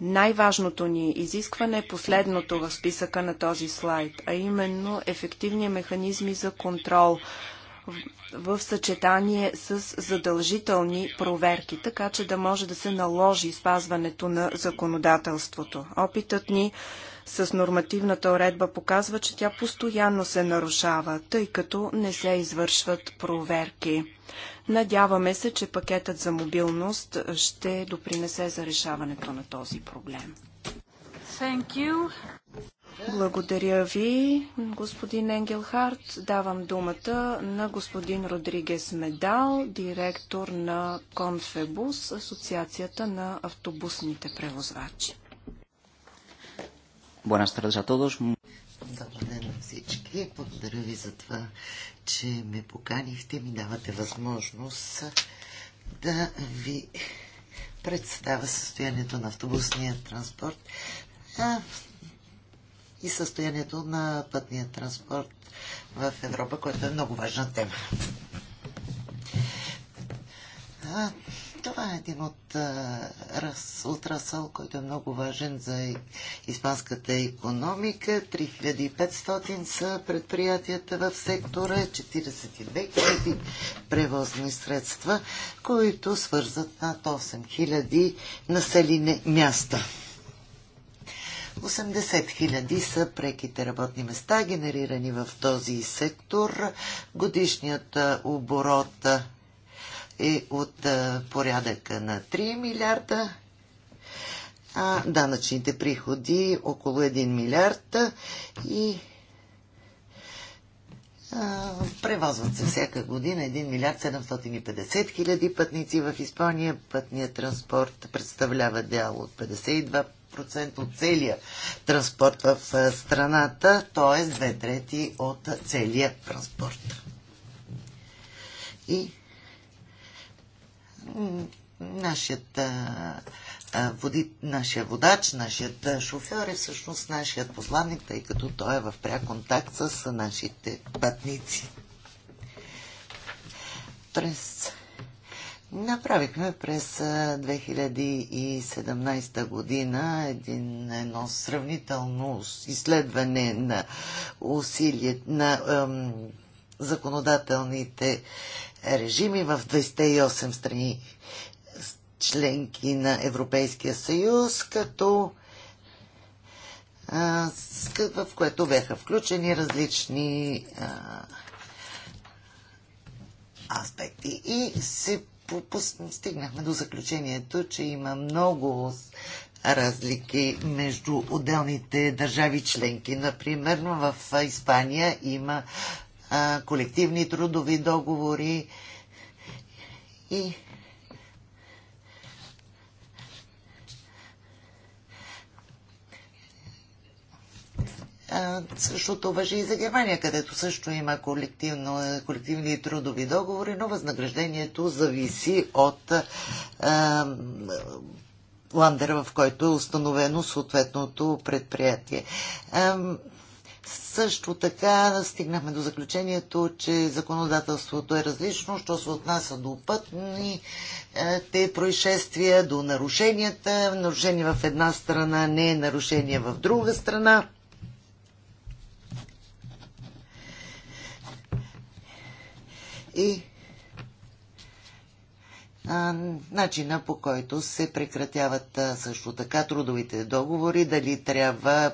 Най-важното ни изискване е последното в списъка на този слайд, а именно ефективни механизми за контрол в съчетание с задължителни проверки, така че да може да се наложи спазването на законодателството. Опитът ни с нормативната уредба показва, че тя постоянно се нарушава, тъй като не се извършват проверки. Надяваме се, че пакетът за мобилност ще допринесе за решаването на този проблем. Thank you. Благодаря ви, господин Енгелхарт. Давам думата на господин Родригес Медал, директор на Конфебус, Асоциацията на автобусните превозвачи. Добър ден на всички. Благодаря ви за това, че ме поканихте и ми давате възможност да ви представя състоянието на автобусния транспорт а, и състоянието на пътния транспорт в Европа, което е много важна тема. А, това е един от отрасъл, който е много важен за испанската економика. 3500 са предприятията в сектора, 42 000 превозни средства, които свързват над 8000 населени места. 80 000 са преките работни места, генерирани в този сектор. Годишният оборот е от порядъка на 3 милиарда, а данъчните приходи около 1 милиард и превозват се всяка година 1 милиард 750 хиляди пътници в Испания. Пътният транспорт представлява дял от 52% от целия транспорт в страната, т.е. две трети от целия транспорт. И нашият, води, нашия водач, нашият шофьор е всъщност нашият посланник, тъй като той е в пряк контакт с нашите пътници. През Направихме през 2017 година един, едно сравнително изследване на усилие на ем, законодателните режими в 208 страни членки на Европейския съюз, като в което бяха включени различни аспекти. И се стигнахме до заключението, че има много разлики между отделните държави членки. Например, в Испания има колективни трудови договори и Същото въжи и за Германия, където също има колективни трудови договори, но възнаграждението зависи от е, ландера, в който е установено съответното предприятие. Е, също така стигнахме до заключението, че законодателството е различно, що се отнася до пътните е, происшествия, до нарушенията. Нарушение в една страна не е нарушение в друга страна. И начина по който се прекратяват също така трудовите договори, дали трябва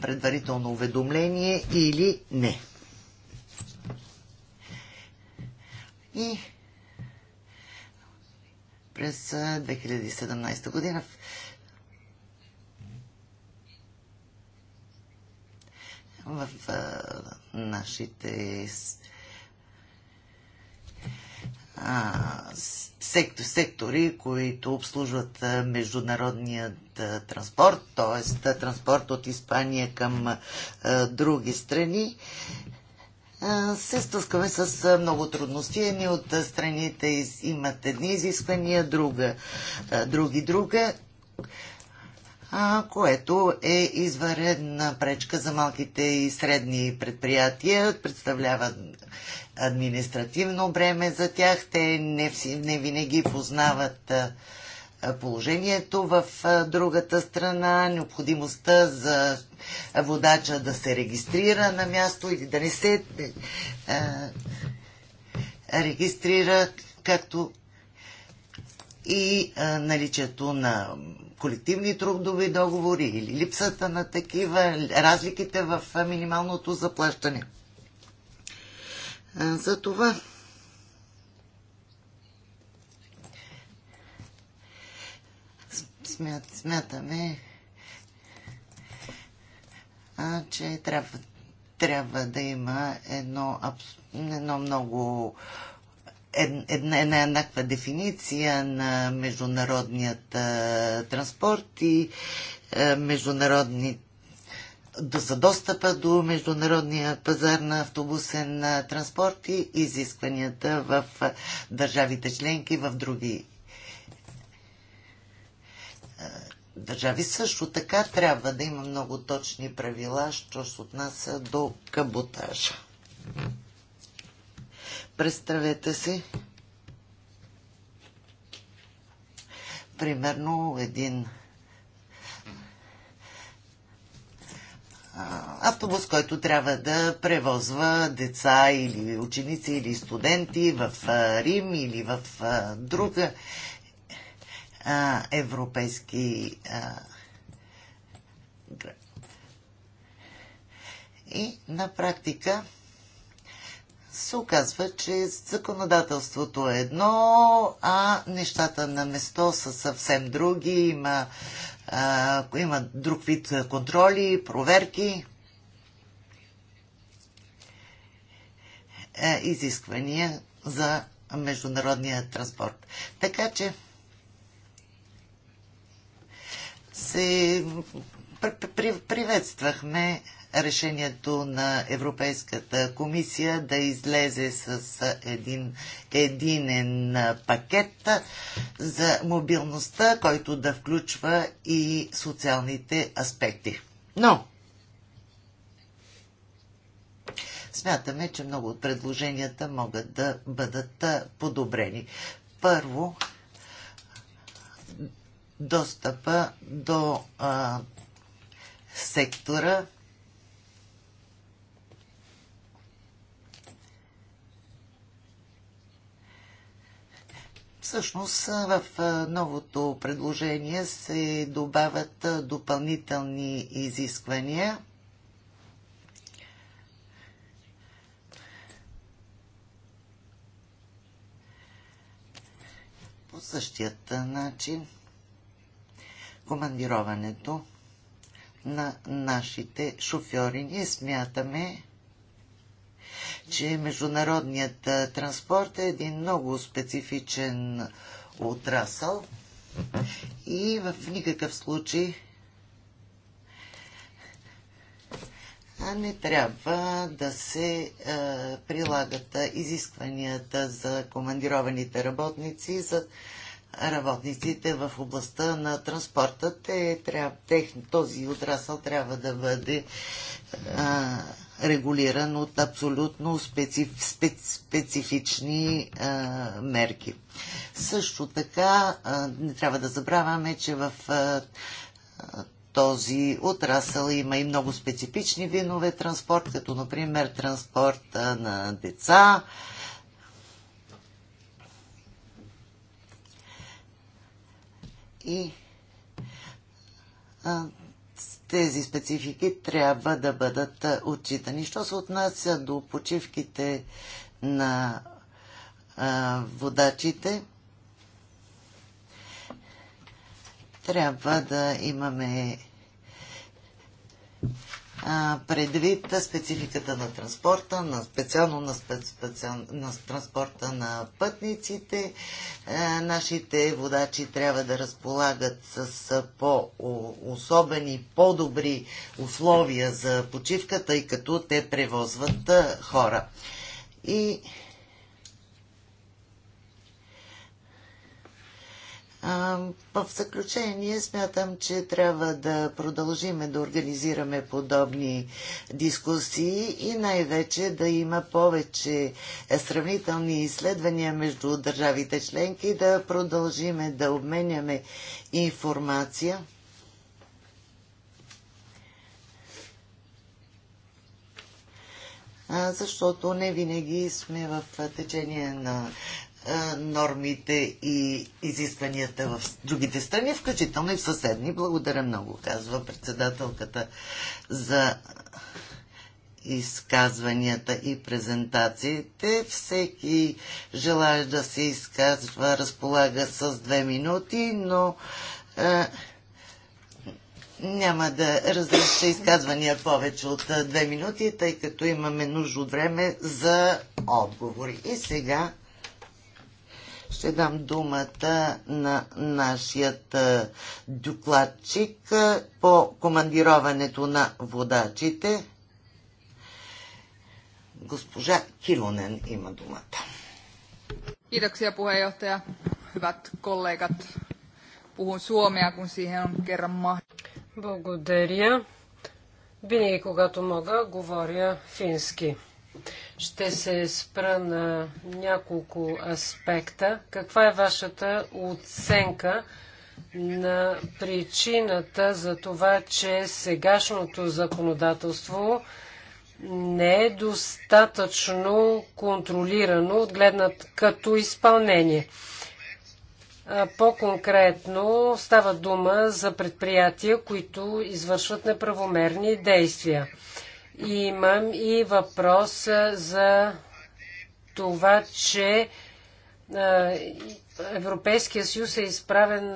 предварително уведомление или не. И през 2017 година в, в нашите сектор, сектори, които обслужват международният транспорт, т.е. транспорт от Испания към други страни, се стъскаме с много трудности. Едни от страните имат едни изисквания, друга, други друга което е извънредна пречка за малките и средни предприятия, представлява административно бреме за тях, те не, не винаги познават положението в другата страна, необходимостта за водача да се регистрира на място или да не се регистрира, както и а, наличието на колективни трудови договори или липсата на такива, разликите в минималното заплащане. А, за това смят, смятаме, а, че трябва, трябва да има едно, едно много една, една еднаква дефиниция на международният а, транспорт и а, международни до, за достъпа до международния пазар на автобусен транспорт и изискванията в държавите членки в други държави. Също така трябва да има много точни правила, що се отнася до каботажа представете си. Примерно един автобус, който трябва да превозва деца или ученици или студенти в Рим или в друга европейски град. И на практика се оказва, че законодателството е едно, а нещата на место са съвсем други. Има, а, има друг вид контроли, проверки, а, е, изисквания за международния транспорт. Така че се приветствахме решението на Европейската комисия да излезе с един единен пакет за мобилността, който да включва и социалните аспекти. Но смятаме, че много от предложенията могат да бъдат подобрени. Първо, достъпа до а, сектора Всъщност в новото предложение се добавят допълнителни изисквания. По същият начин командироването на нашите шофьори. Ние смятаме, че международният транспорт е един много специфичен отрасъл и в никакъв случай а не трябва да се а, прилагат изискванията за командированите работници, за работниците в областта на транспорта. Те, трябва, тех, този отрасъл трябва да бъде а, регулиран от абсолютно специф, специ, специфични а, мерки. Също така а, не трябва да забравяме, че в а, този отрасъл има и много специфични винове транспорт, като например транспорт на деца. И тези специфики трябва да бъдат отчитани. Що се отнася до почивките на а, водачите, трябва да имаме предвид спецификата на транспорта, на специално на, специ, на транспорта на пътниците. Нашите водачи трябва да разполагат с по-особени, по-добри условия за почивка, тъй като те превозват хора. И В заключение смятам, че трябва да продължиме да организираме подобни дискусии и най-вече да има повече сравнителни изследвания между държавите членки, да продължиме да обменяме информация. защото не винаги сме в течение на нормите и изискванията в другите страни, включително и в съседни. Благодаря много, казва председателката за изказванията и презентациите. Всеки желая да се изказва, разполага с две минути, но е, няма да разреша изказвания повече от две минути, тъй като имаме нужда от време за отговори. И сега ще дам думата на нашият докладчик по командироването на водачите. Госпожа Килонен има думата. Kiitoksia puheenjohtaja. Hyvät kollegat, puhun suomea, kun siihen on kerran mahdollista. Благодаря. Винаги, когато мога, говоря фински. Ще се спра на няколко аспекта. Каква е вашата оценка на причината за това, че сегашното законодателство не е достатъчно контролирано от гледнат като изпълнение? По-конкретно става дума за предприятия, които извършват неправомерни действия. Имам и въпрос за това, че Европейския съюз е изправен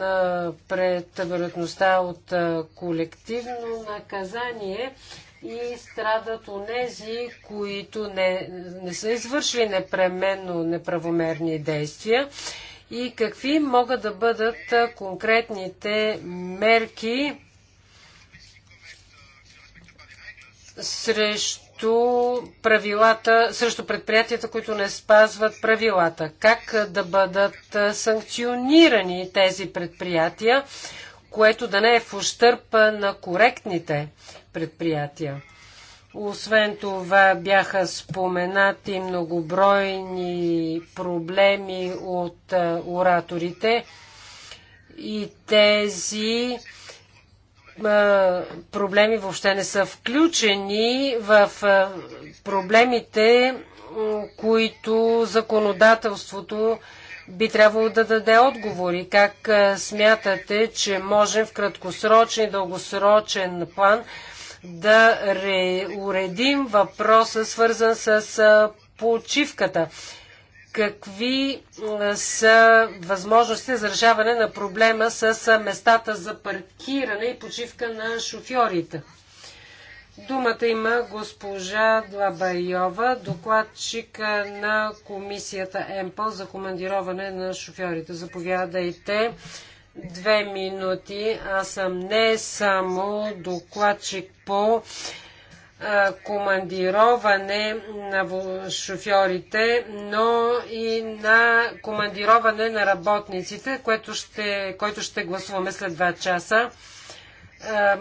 пред вероятността от колективно наказание и страдат у нези, които не, не са извършили непременно неправомерни действия и какви могат да бъдат конкретните мерки срещу правилата, срещу предприятията, които не спазват правилата. Как да бъдат санкционирани тези предприятия, което да не е в ущърп на коректните предприятия. Освен това бяха споменати многобройни проблеми от ораторите и тези проблеми въобще не са включени в проблемите, които законодателството би трябвало да даде отговори. Как смятате, че можем в краткосрочен и дългосрочен план да уредим въпроса, свързан с почивката? какви са възможностите за решаване на проблема с местата за паркиране и почивка на шофьорите. Думата има госпожа Длабайова, докладчик на комисията ЕМПЛ за командироване на шофьорите. Заповядайте. Две минути. Аз съм не само докладчик по командироване на шофьорите, но и на командироване на работниците, което ще, който ще гласуваме след 2 часа.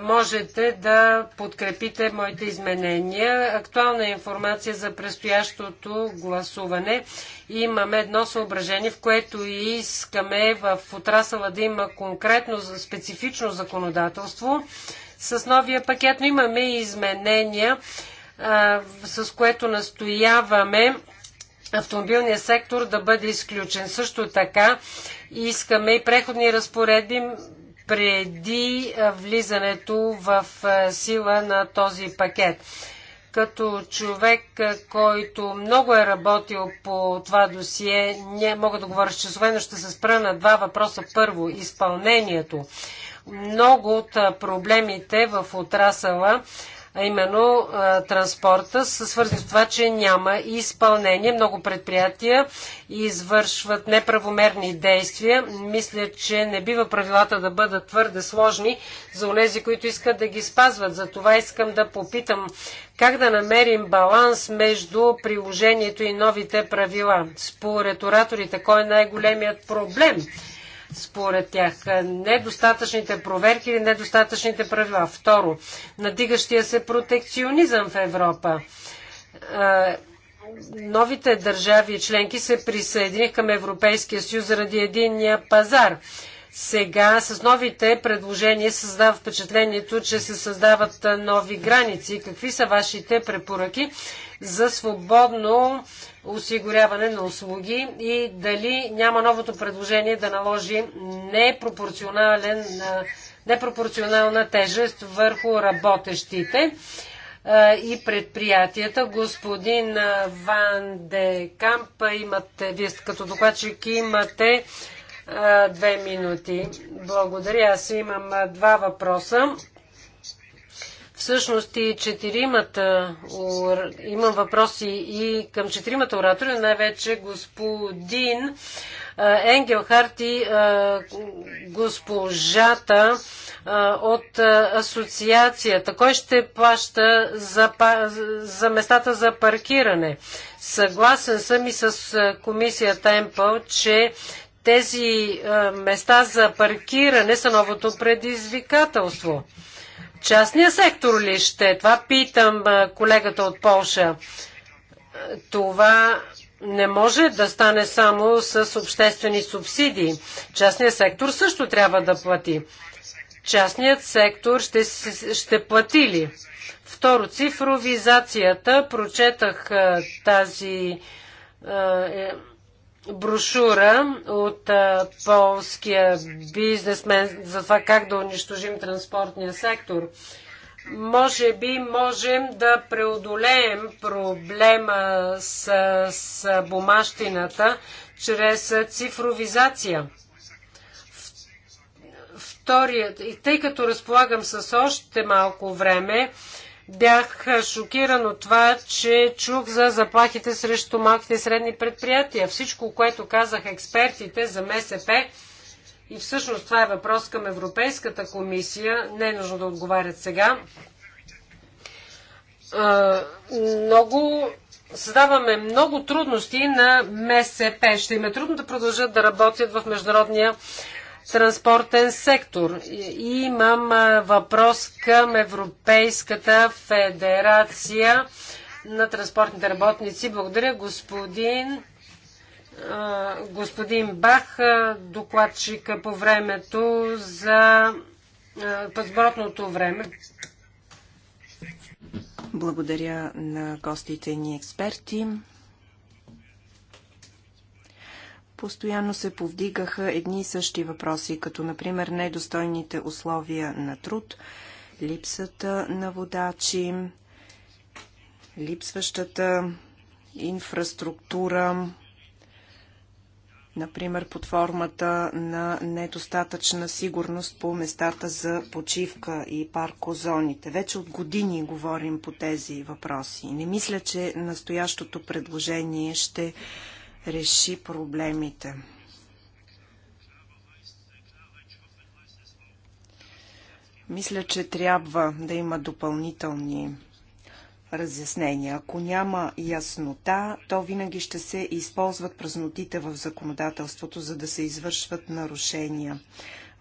Можете да подкрепите моите изменения. Актуална е информация за предстоящото гласуване. Имаме едно съображение, в което искаме в отрасъла да има конкретно, специфично законодателство с новия пакет, но имаме и изменения, а, с което настояваме автомобилния сектор да бъде изключен. Също така искаме и преходни разпоредби преди влизането в сила на този пакет. Като човек, който много е работил по това досие, не мога да говоря с часове, но ще се спра на два въпроса. Първо, изпълнението много от проблемите в отрасъла а именно транспорта, са свързани с това, че няма изпълнение. Много предприятия извършват неправомерни действия. Мисля, че не бива правилата да бъдат твърде сложни за онези, които искат да ги спазват. Затова искам да попитам как да намерим баланс между приложението и новите правила. Според ораторите, кой е най-големият проблем? според тях. Недостатъчните проверки или недостатъчните правила. Второ, надигащия се протекционизъм в Европа. Новите държави и членки се присъединих към Европейския съюз заради единния пазар. Сега с новите предложения създава впечатлението, че се създават нови граници. Какви са вашите препоръки за свободно осигуряване на услуги и дали няма новото предложение да наложи непропорционален, непропорционална тежест върху работещите и предприятията. Господин Ван де Камп, имате, вие като докладчик имате две минути. Благодаря. Аз имам два въпроса. Всъщност и четиримата, имам въпроси и към четиримата оратори, най-вече господин Енгел Харти, госпожата от асоциацията. Кой ще плаща за, за местата за паркиране? Съгласен съм и с комисията Емпъл, че тези места за паркиране са новото предизвикателство частния сектор ли ще? Това питам колегата от Полша. Това не може да стане само с обществени субсидии. Частният сектор също трябва да плати. Частният сектор ще, ще плати ли? Второ, цифровизацията. Прочетах тази е, брошура от а, полския бизнесмен за това как да унищожим транспортния сектор. Може би можем да преодолеем проблема с, с бумащината чрез цифровизация. Вторият, и тъй като разполагам с още малко време, Бях шокиран от това, че чух за заплахите срещу малките и средни предприятия. Всичко, което казах експертите за МСП, и всъщност това е въпрос към Европейската комисия, не е нужно да отговарят сега. Много създаваме много трудности на МСП. Ще им е трудно да продължат да работят в международния транспортен сектор. И имам въпрос към Европейската федерация на транспортните работници. Благодаря, господин господин Бах, докладчик по времето за подборотното време. Благодаря на гостите ни експерти постоянно се повдигаха едни и същи въпроси, като например недостойните условия на труд, липсата на водачи, липсващата инфраструктура, например под формата на недостатъчна сигурност по местата за почивка и паркозоните. Вече от години говорим по тези въпроси. Не мисля, че настоящото предложение ще реши проблемите. Мисля, че трябва да има допълнителни разяснения. Ако няма яснота, то винаги ще се използват празнотите в законодателството, за да се извършват нарушения.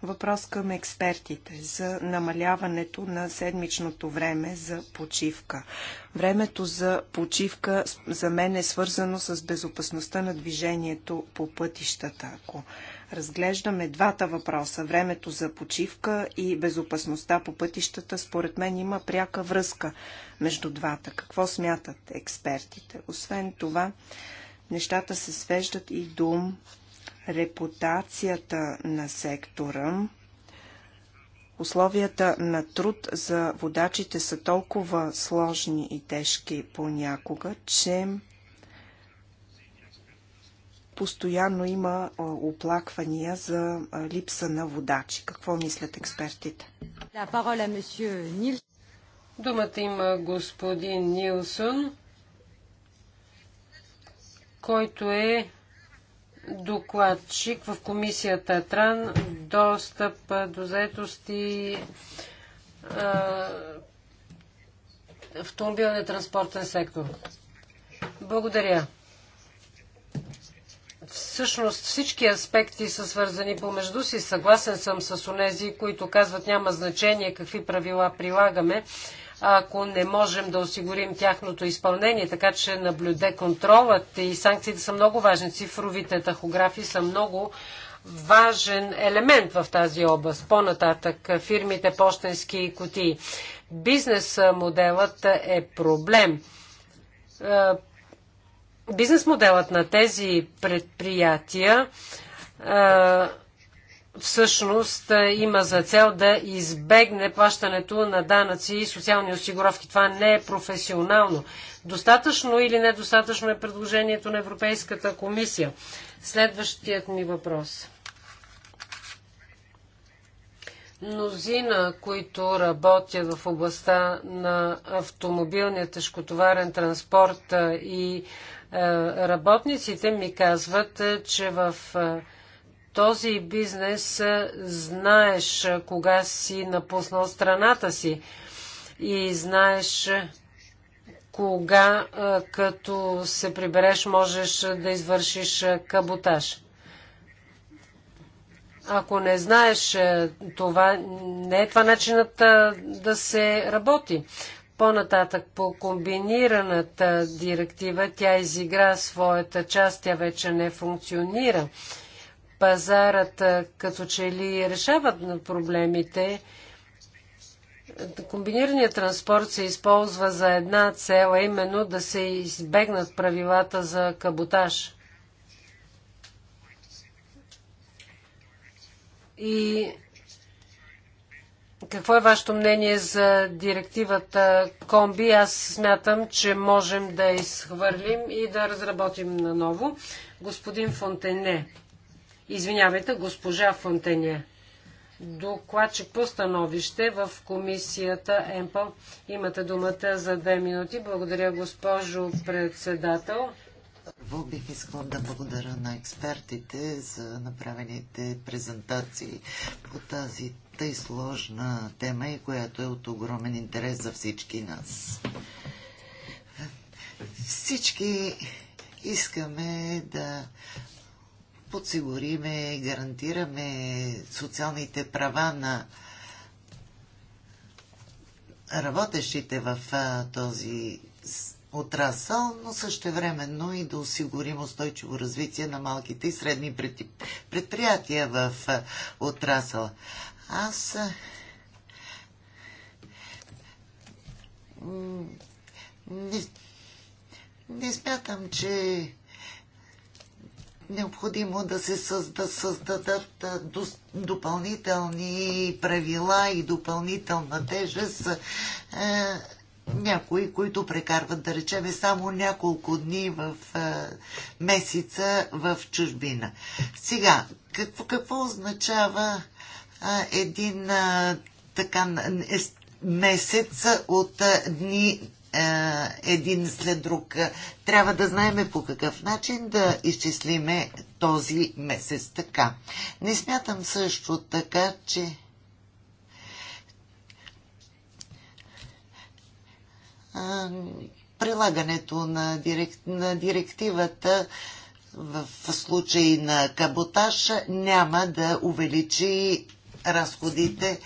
Въпрос към експертите за намаляването на седмичното време за почивка. Времето за почивка за мен е свързано с безопасността на движението по пътищата. Ако разглеждаме двата въпроса, времето за почивка и безопасността по пътищата, според мен има пряка връзка между двата. Какво смятат експертите? Освен това, нещата се свеждат и до репутацията на сектора. Условията на труд за водачите са толкова сложни и тежки понякога, че постоянно има оплаквания за липса на водачи. Какво мислят експертите? Думата има господин Нилсон, който е докладчик в комисията Тран, достъп до заетост и автомобилния транспортен сектор. Благодаря. Всъщност всички аспекти са свързани помежду си. Съгласен съм с онези, които казват няма значение какви правила прилагаме ако не можем да осигурим тяхното изпълнение, така че наблюде контролът и санкциите са много важни. Цифровите тахографи са много важен елемент в тази област. По-нататък фирмите почтенски кутии. Бизнес моделът е проблем. Е, бизнес моделът на тези предприятия е, всъщност е, има за цел да избегне плащането на данъци и социални осигуровки. Това не е професионално. Достатъчно или недостатъчно е предложението на Европейската комисия? Следващият ми въпрос. Мнозина, които работят в областта на автомобилния тежкотоварен транспорт е, и е, работниците ми казват, че в този бизнес знаеш кога си напуснал страната си и знаеш кога, като се прибереш, можеш да извършиш каботаж. Ако не знаеш това, не е това начинът да се работи. По-нататък по комбинираната директива тя изигра своята част, тя вече не функционира пазарът като че ли решават проблемите. Комбинираният транспорт се използва за една цел, а именно да се избегнат правилата за каботаж. И какво е вашето мнение за директивата Комби? Аз смятам, че можем да изхвърлим и да разработим наново. Господин Фонтене. Извинявайте, госпожа Фонтене. Докладчик по становище в комисията ЕМПО. Имате думата за две минути. Благодаря, госпожо председател. Първо бих искала да благодаря на експертите за направените презентации по тази тъй сложна тема и която е от огромен интерес за всички нас. Всички искаме да подсигуриме, гарантираме социалните права на работещите в този отрасъл, но също времено и да осигурим устойчиво развитие на малките и средни предприятия в отрасъл. Аз не, не смятам, че необходимо да се създадат, създадат допълнителни правила и допълнителна тежест. Някои, които прекарват, да речеме, само няколко дни в месеца в чужбина. Сега, какво, какво означава един така месец от дни е, един след друг. Трябва да знаеме по какъв начин да изчислиме този месец така. Не смятам също така, че е, прилагането на, директ, на директивата в случай на каботаж няма да увеличи разходите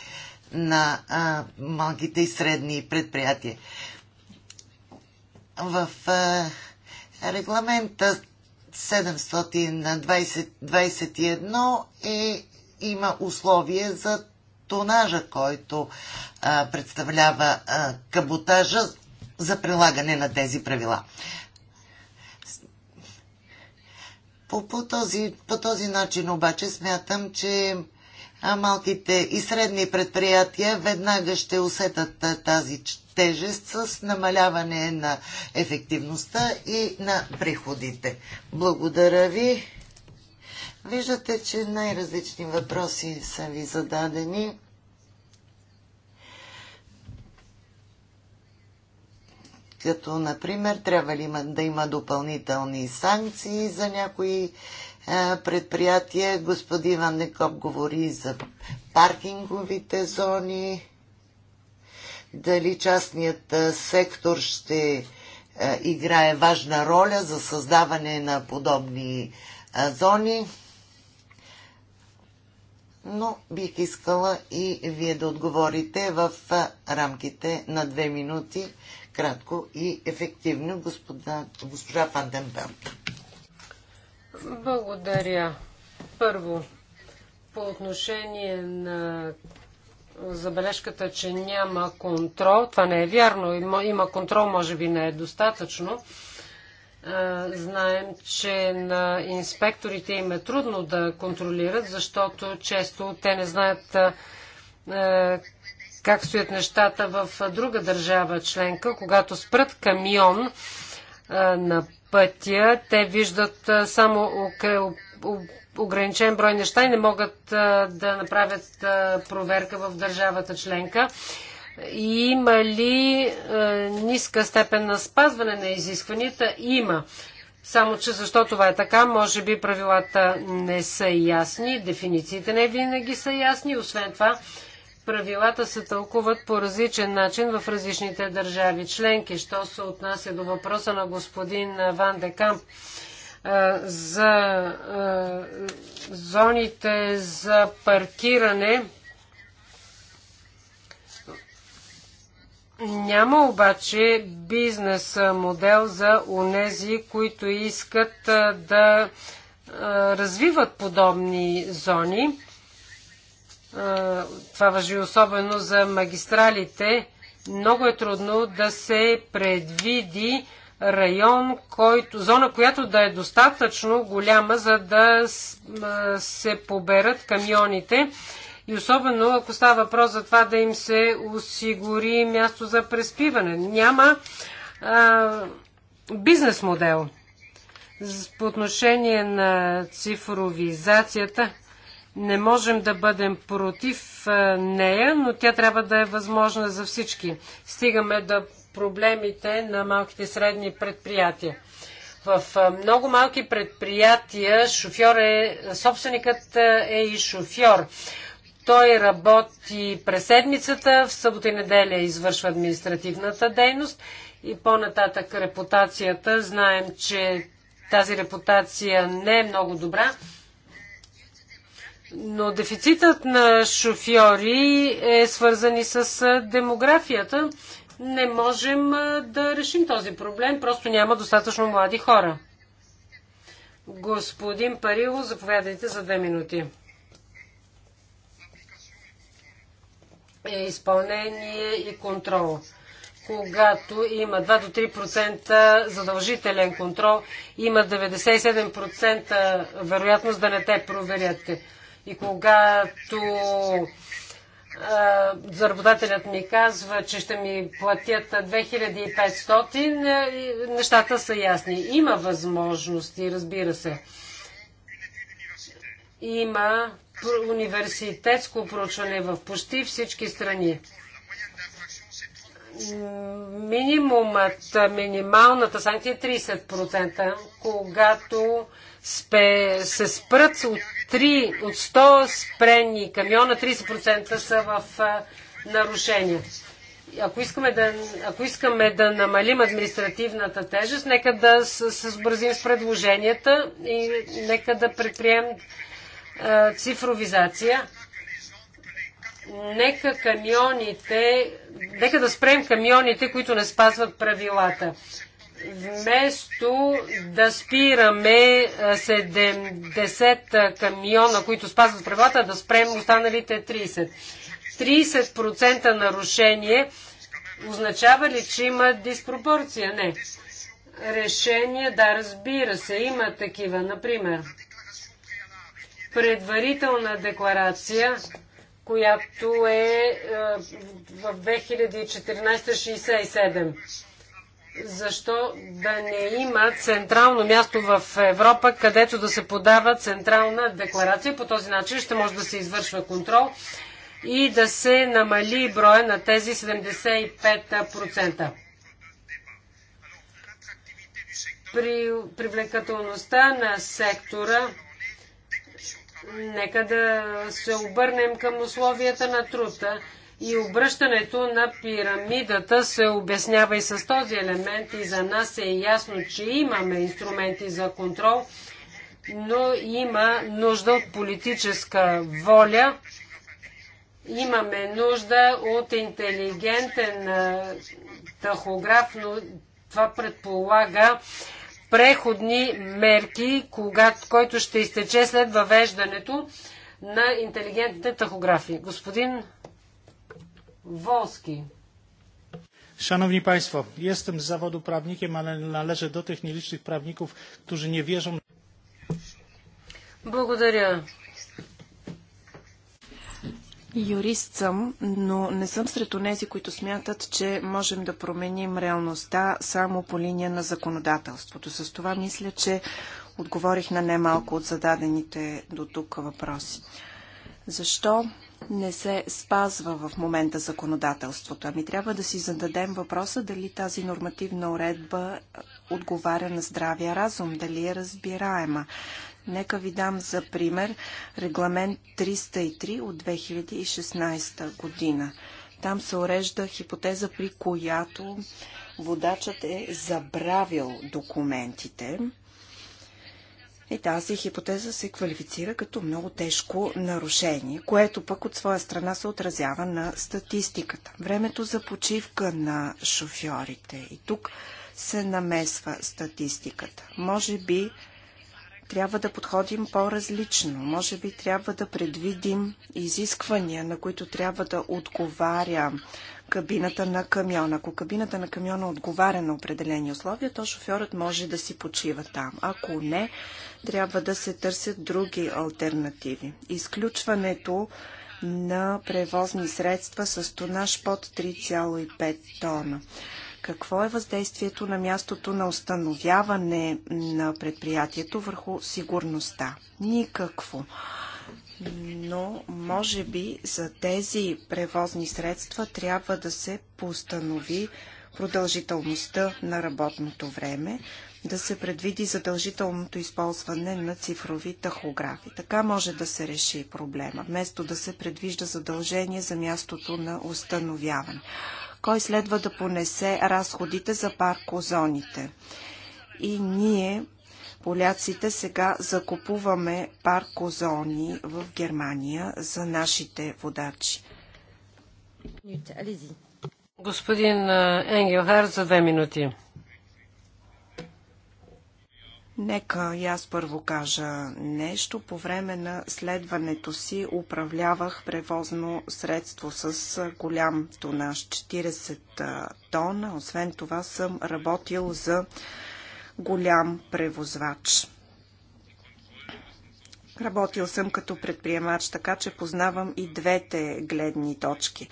на а, е, малките и средни предприятия в регламента 721 е, има условие за тонажа, който а, представлява а, каботажа за прилагане на тези правила. По, по, този, по този начин обаче смятам, че малките и средни предприятия веднага ще усетат тази тежест с намаляване на ефективността и на приходите. Благодаря ви. Виждате, че най-различни въпроси са ви зададени. Като, например, трябва ли да има допълнителни санкции за някои е, предприятия. Господин Ван говори за паркинговите зони дали частният сектор ще играе важна роля за създаване на подобни зони. Но бих искала и вие да отговорите в рамките на две минути, кратко и ефективно, господа, госпожа Фанденберг. Благодаря. Първо, по отношение на забележката, че няма контрол. Това не е вярно. Има, има контрол, може би не е достатъчно. Знаем, че на инспекторите им е трудно да контролират, защото често те не знаят как стоят нещата в друга държава членка. Когато спрат камион на пътя, те виждат само ограничен брой неща и не могат да направят проверка в държавата членка. има ли ниска степен на спазване на изискванията? Има. Само, че защо това е така, може би правилата не са ясни, дефинициите не винаги са ясни. Освен това, правилата се тълкуват по различен начин в различните държави членки. Що се отнася до въпроса на господин Ван Декамп, Камп, за зоните за паркиране. Няма обаче бизнес модел за онези, които искат да развиват подобни зони. Това въжи особено за магистралите. Много е трудно да се предвиди район, който, зона, която да е достатъчно голяма, за да се поберат камионите. И особено ако става въпрос за това да им се осигури място за преспиване. Няма а, бизнес модел. По отношение на цифровизацията, не можем да бъдем против нея, но тя трябва да е възможна за всички. Стигаме да проблемите на малките и средни предприятия. В много малки предприятия шофьор е, собственикът е и шофьор. Той работи през седмицата, в събота и неделя извършва административната дейност и по-нататък репутацията. Знаем, че тази репутация не е много добра. Но дефицитът на шофьори е свързан и с демографията не можем да решим този проблем, просто няма достатъчно млади хора. Господин Парило, заповядайте за две минути. Е изпълнение и контрол. Когато има 2 до 3% задължителен контрол, има 97% вероятност да не те проверят. И когато заработателят ми казва, че ще ми платят 2500, е, нещата са ясни. Има възможности, разбира се. Има университетско проучване в почти всички страни. Минимумът, минималната санкция е 30%, когато спе, се спрат от 3 от 100 спрени камиона, 30% са в нарушение. Ако искаме, да, ако искаме да намалим административната тежест, нека да се сбързим с предложенията и нека да предприем цифровизация. Нека камионите, нека да спрем камионите, които не спазват правилата вместо да спираме 70 камиона, които спазват правилата, да спрем останалите 30. 30% нарушение означава ли, че има диспропорция? Не. Решение, да, разбира се, има такива. Например, предварителна декларация, която е в 2014-67 защо да не има централно място в Европа, където да се подава централна декларация. По този начин ще може да се извършва контрол и да се намали броя на тези 75%. При привлекателността на сектора нека да се обърнем към условията на труда. И обръщането на пирамидата се обяснява и с този елемент и за нас е ясно, че имаме инструменти за контрол, но има нужда от политическа воля, имаме нужда от интелигентен тахограф, но това предполага преходни мерки, когато, който ще изтече след въвеждането на интелигентните тахографии. Господин Волски. Szanowni Państwo, jestem z zawodu prawnikiem, ale należę do tych nielicznych prawników, którzy nie wierzą. Благодаря. Юрист съм, но не съм сред онези, които смятат, че можем да променим реалността само по линия на законодателството. С това мисля, че отговорих на немалко от зададените до тук въпроси. Защо не се спазва в момента законодателството. Ами трябва да си зададем въпроса дали тази нормативна уредба отговаря на здравия разум, дали е разбираема. Нека ви дам за пример регламент 303 от 2016 година. Там се урежда хипотеза, при която водачът е забравил документите и тази хипотеза се квалифицира като много тежко нарушение, което пък от своя страна се отразява на статистиката. Времето за почивка на шофьорите. И тук се намесва статистиката. Може би трябва да подходим по-различно. Може би трябва да предвидим изисквания, на които трябва да отговаря кабината на камиона. Ако кабината на камиона отговаря на определени условия, то шофьорът може да си почива там. Ако не, трябва да се търсят други альтернативи. Изключването на превозни средства с тонаж под 3,5 тона. Какво е въздействието на мястото на установяване на предприятието върху сигурността? Никакво но може би за тези превозни средства трябва да се постанови продължителността на работното време, да се предвиди задължителното използване на цифрови тахографи. Така може да се реши проблема, вместо да се предвижда задължение за мястото на установяване. Кой следва да понесе разходите за паркозоните? И ние поляците, сега закупуваме паркозони в Германия за нашите водачи. Господин Енгелхар, за две минути. Нека и аз първо кажа нещо. По време на следването си управлявах превозно средство с голям тонаж 40 тона. Освен това съм работил за голям превозвач. Работил съм като предприемач, така че познавам и двете гледни точки.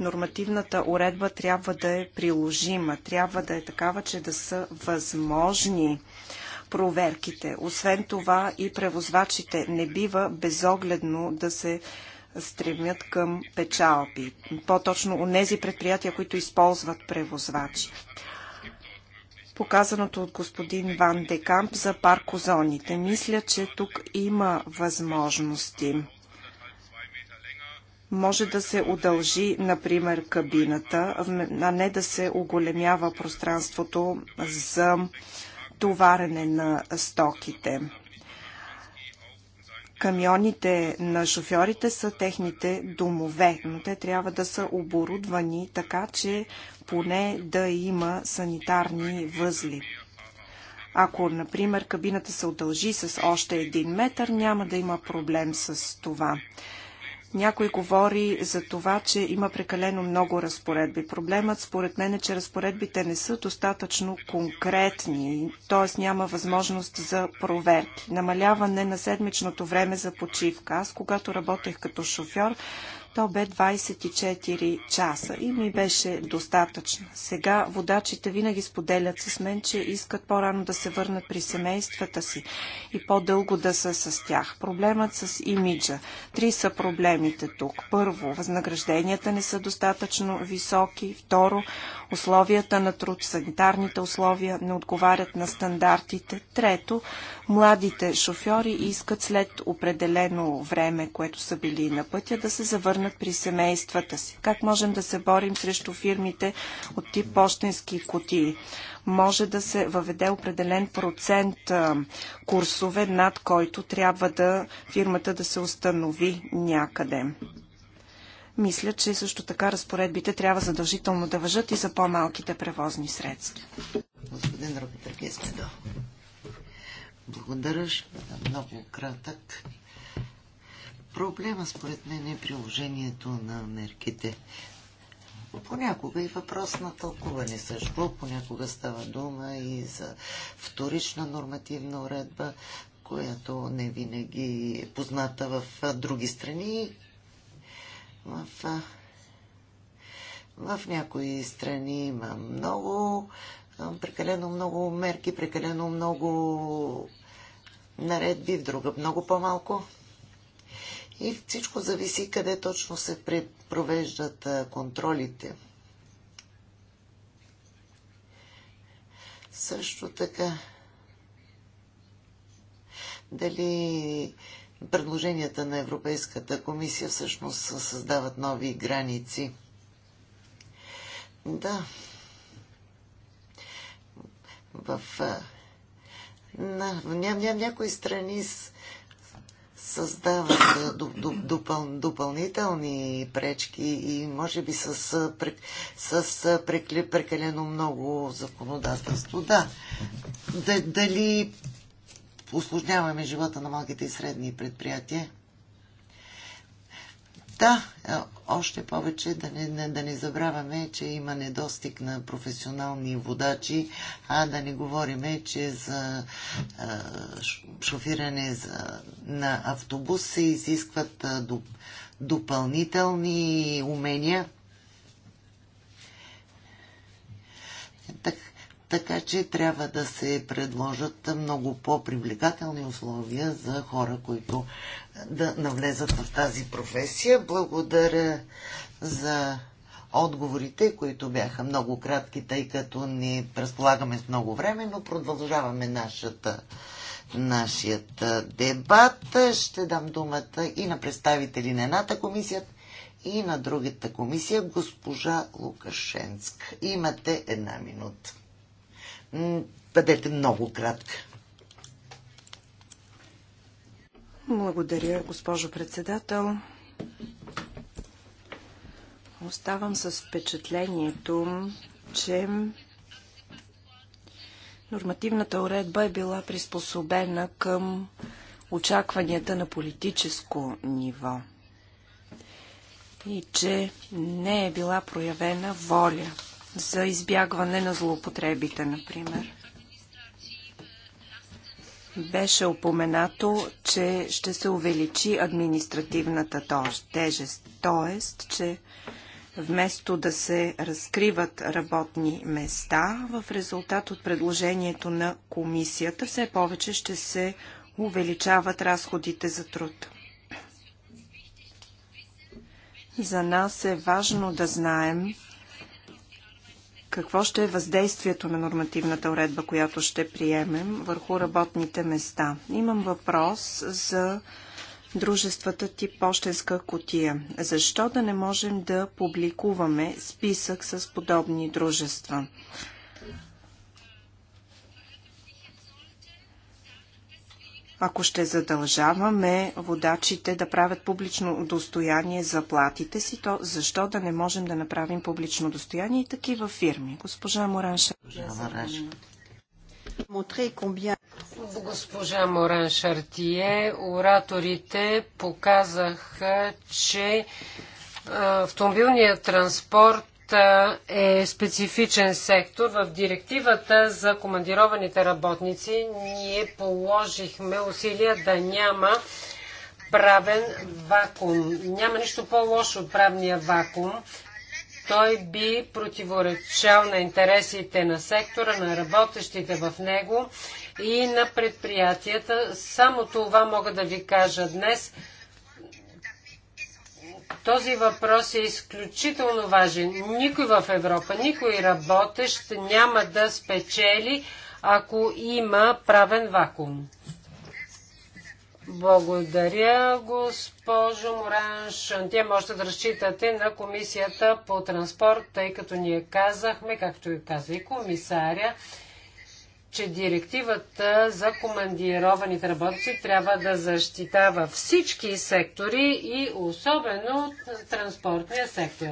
Нормативната уредба трябва да е приложима, трябва да е такава, че да са възможни проверките. Освен това и превозвачите не бива безогледно да се стремят към печалби. По-точно у нези предприятия, които използват превозвачи показаното от господин Ван Декамп за паркозоните. Мисля, че тук има възможности. Може да се удължи, например, кабината, а не да се оголемява пространството за товарене на стоките. Камионите на шофьорите са техните домове, но те трябва да са оборудвани така, че поне да има санитарни възли. Ако, например, кабината се удължи с още един метър, няма да има проблем с това. Някой говори за това, че има прекалено много разпоредби. Проблемът според мен е, че разпоредбите не са достатъчно конкретни, т.е. няма възможност за проверки. Намаляване на седмичното време за почивка. Аз, когато работех като шофьор, то бе 24 часа и ми беше достатъчно. Сега водачите винаги споделят с мен, че искат по-рано да се върнат при семействата си и по-дълго да са с тях. Проблемът с имиджа. Три са проблемите тук. Първо, възнагражденията не са достатъчно високи. Второ, условията на труд, санитарните условия не отговарят на стандартите. Трето, младите шофьори искат след определено време, което са били на пътя, да се завърнат върнат при семействата си? Как можем да се борим срещу фирмите от тип почтенски кутии? Може да се въведе определен процент курсове, над който трябва да фирмата да се установи някъде. Мисля, че също така разпоредбите трябва задължително да въжат и за по-малките превозни средства. Господин Робитър благодаря, ще много кратък. Проблема според мен е приложението на мерките. Понякога и въпрос на тълкуване също. Понякога става дума и за вторична нормативна уредба, която не винаги е позната в други страни. В, в някои страни има много, прекалено много мерки, прекалено много наредби, в друга много по-малко. И всичко зависи къде точно се провеждат контролите. Също така, дали предложенията на Европейската комисия всъщност създават нови граници. Да. В, на, ня, ня, някои страни с създават допълнителни пречки и може би с, с прекалено много законодателство. Да, дали усложняваме живота на малките и средни предприятия? Да, е, още повече да не, не, да не забравяме, че има недостиг на професионални водачи, а да не говориме, че за а, е, шофиране за, на автобус се изискват а, е, доп, допълнителни умения. Так, така че трябва да се предложат много по-привлекателни условия за хора, които да навлезат в тази професия. Благодаря за отговорите, които бяха много кратки, тъй като ни разполагаме с много време, но продължаваме нашата, нашият дебат. Ще дам думата и на представители на едната комисия, и на другата комисия, госпожа Лукашенск. Имате една минута. Бъдете много кратка. Благодаря, госпожо председател. Оставам с впечатлението, че нормативната уредба е била приспособена към очакванията на политическо ниво и че не е била проявена воля за избягване на злоупотребите, например. Беше опоменато, че ще се увеличи административната тежест, т.е. че вместо да се разкриват работни места, в резултат от предложението на комисията все повече ще се увеличават разходите за труд. За нас е важно да знаем какво ще е въздействието на нормативната уредба, която ще приемем върху работните места? Имам въпрос за дружествата тип Пощенска котия. Защо да не можем да публикуваме списък с подобни дружества? Ако ще задължаваме водачите да правят публично достояние за платите си, то защо да не можем да направим публично достояние и такива фирми? Госпожа Моранша. Госпожа Моран Шартие, ораторите показаха, че автомобилният транспорт е специфичен сектор. В директивата за командированите работници ние положихме усилия да няма правен вакуум. Няма нищо по-лошо от правния вакуум. Той би противоречал на интересите на сектора, на работещите в него и на предприятията. Само това мога да ви кажа днес – този въпрос е изключително важен. Никой в Европа, никой работещ няма да спечели, ако има правен вакуум. Благодаря, госпожо Моран Шантия. Можете да разчитате на комисията по транспорт, тъй като ние казахме, както и каза и комисаря, че директивата за командированите работници трябва да защитава всички сектори и особено транспортния сектор.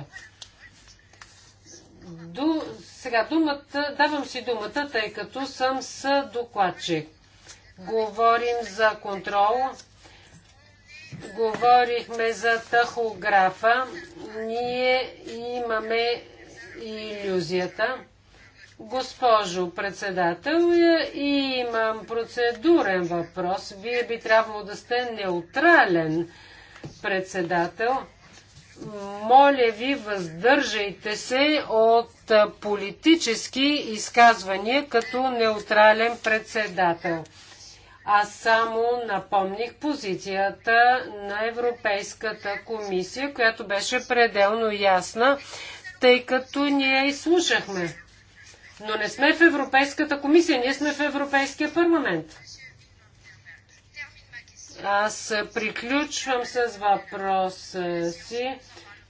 До, сега думата, давам си думата, тъй като съм с докладчик. Говорим за контрол, говорихме за тахографа, ние имаме иллюзията, Госпожо председател, имам процедурен въпрос. Вие би трябвало да сте неутрален председател. Моля ви, въздържайте се от политически изказвания като неутрален председател. Аз само напомних позицията на Европейската комисия, която беше пределно ясна, тъй като ние изслушахме. Но не сме в Европейската комисия, ние сме в Европейския парламент. Аз приключвам с въпроса си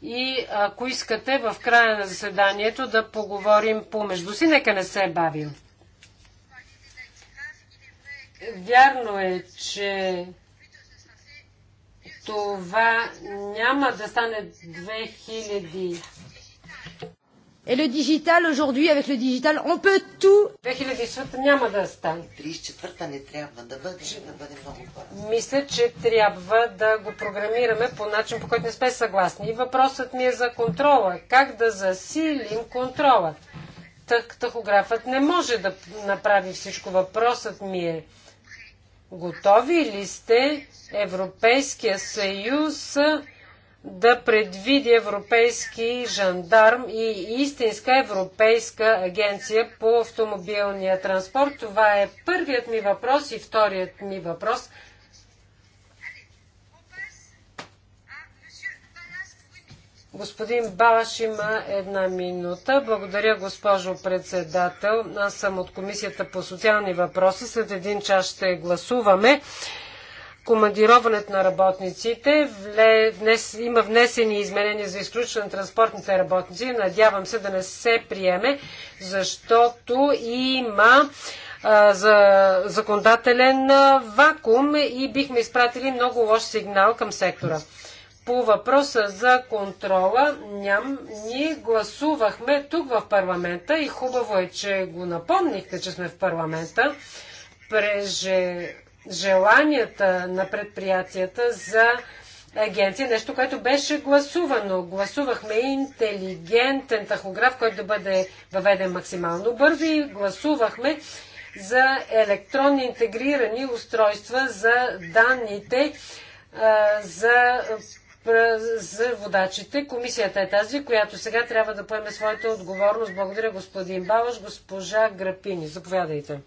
и ако искате в края на заседанието да поговорим помежду си, нека не се бавим. Вярно е, че това няма да стане 2000 е, le digital aujourd'hui, avec le digital, on peut tout. 2004 няма да стане. 34-та не трябва да бъде, ще да бъде много по Мисля, че трябва да го програмираме по начин, по който не сме съгласни. И въпросът ми е за контрола. Как да засилим контрола? Тък, тахографът не може да направи всичко. Въпросът ми е готови ли сте Европейския съюз да предвиди европейски жандарм и истинска европейска агенция по автомобилния транспорт? Това е първият ми въпрос и вторият ми въпрос. Господин Балаш има една минута. Благодаря, госпожо председател. Аз съм от Комисията по социални въпроси. След един час ще гласуваме командироването на работниците. Внес, има внесени изменения за изключване на транспортните работници. Надявам се да не се приеме, защото има за законодателен вакуум и бихме изпратили много лош сигнал към сектора. По въпроса за контрола, ням, ние гласувахме тук в парламента и хубаво е, че го напомнихте, че сме в парламента. Преже желанията на предприятията за агенция, нещо, което беше гласувано. Гласувахме интелигентен тахограф, който да бъде въведен максимално бързо и гласувахме за електронни интегрирани устройства за данните за, за водачите. Комисията е тази, която сега трябва да поеме своята отговорност. Благодаря господин Балаш, госпожа Грапини. Заповядайте.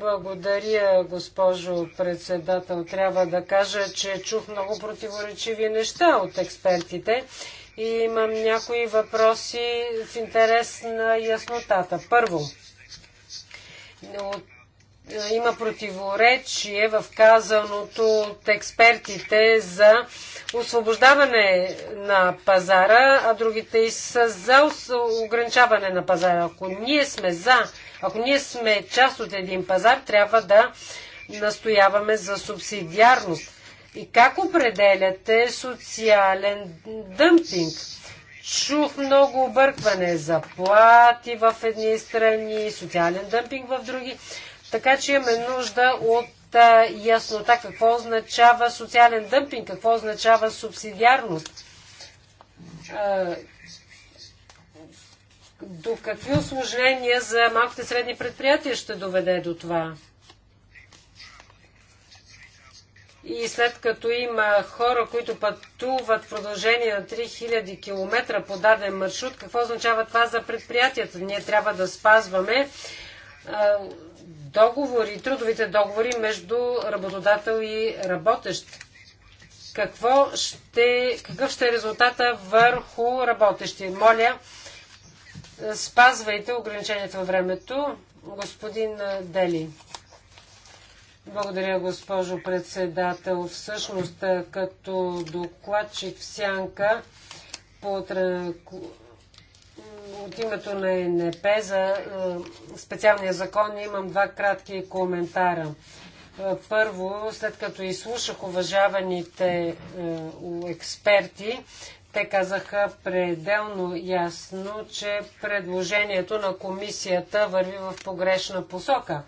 Благодаря, госпожо председател. Трябва да кажа, че чух много противоречиви неща от експертите и имам някои въпроси в интерес на яснотата. Първо, от има противоречие в казаното от експертите за освобождаване на пазара, а другите и са за ограничаване на пазара. Ако ние сме за, ако ние сме част от един пазар, трябва да настояваме за субсидиарност. И как определяте социален дъмпинг? Чух много объркване за плати в едни страни, социален дъмпинг в други. Така че имаме нужда от доста яснота какво означава социален дъмпинг, какво означава субсидиарност. До какви осложнения за малките средни предприятия ще доведе до това? И след като има хора, които пътуват в продължение на 3000 км по даден маршрут, какво означава това за предприятията? Ние трябва да спазваме договори, трудовите договори между работодател и работещ. Какво ще, какъв ще е резултата върху работещи? Моля, спазвайте ограничението във времето. Господин Дели. Благодаря, госпожо председател. Всъщност, като докладчик в сянка по от името на ЕНП за е, специалния закон имам два кратки коментара. Е, първо, след като изслушах уважаваните е, експерти, те казаха пределно ясно, че предложението на комисията върви в погрешна посока.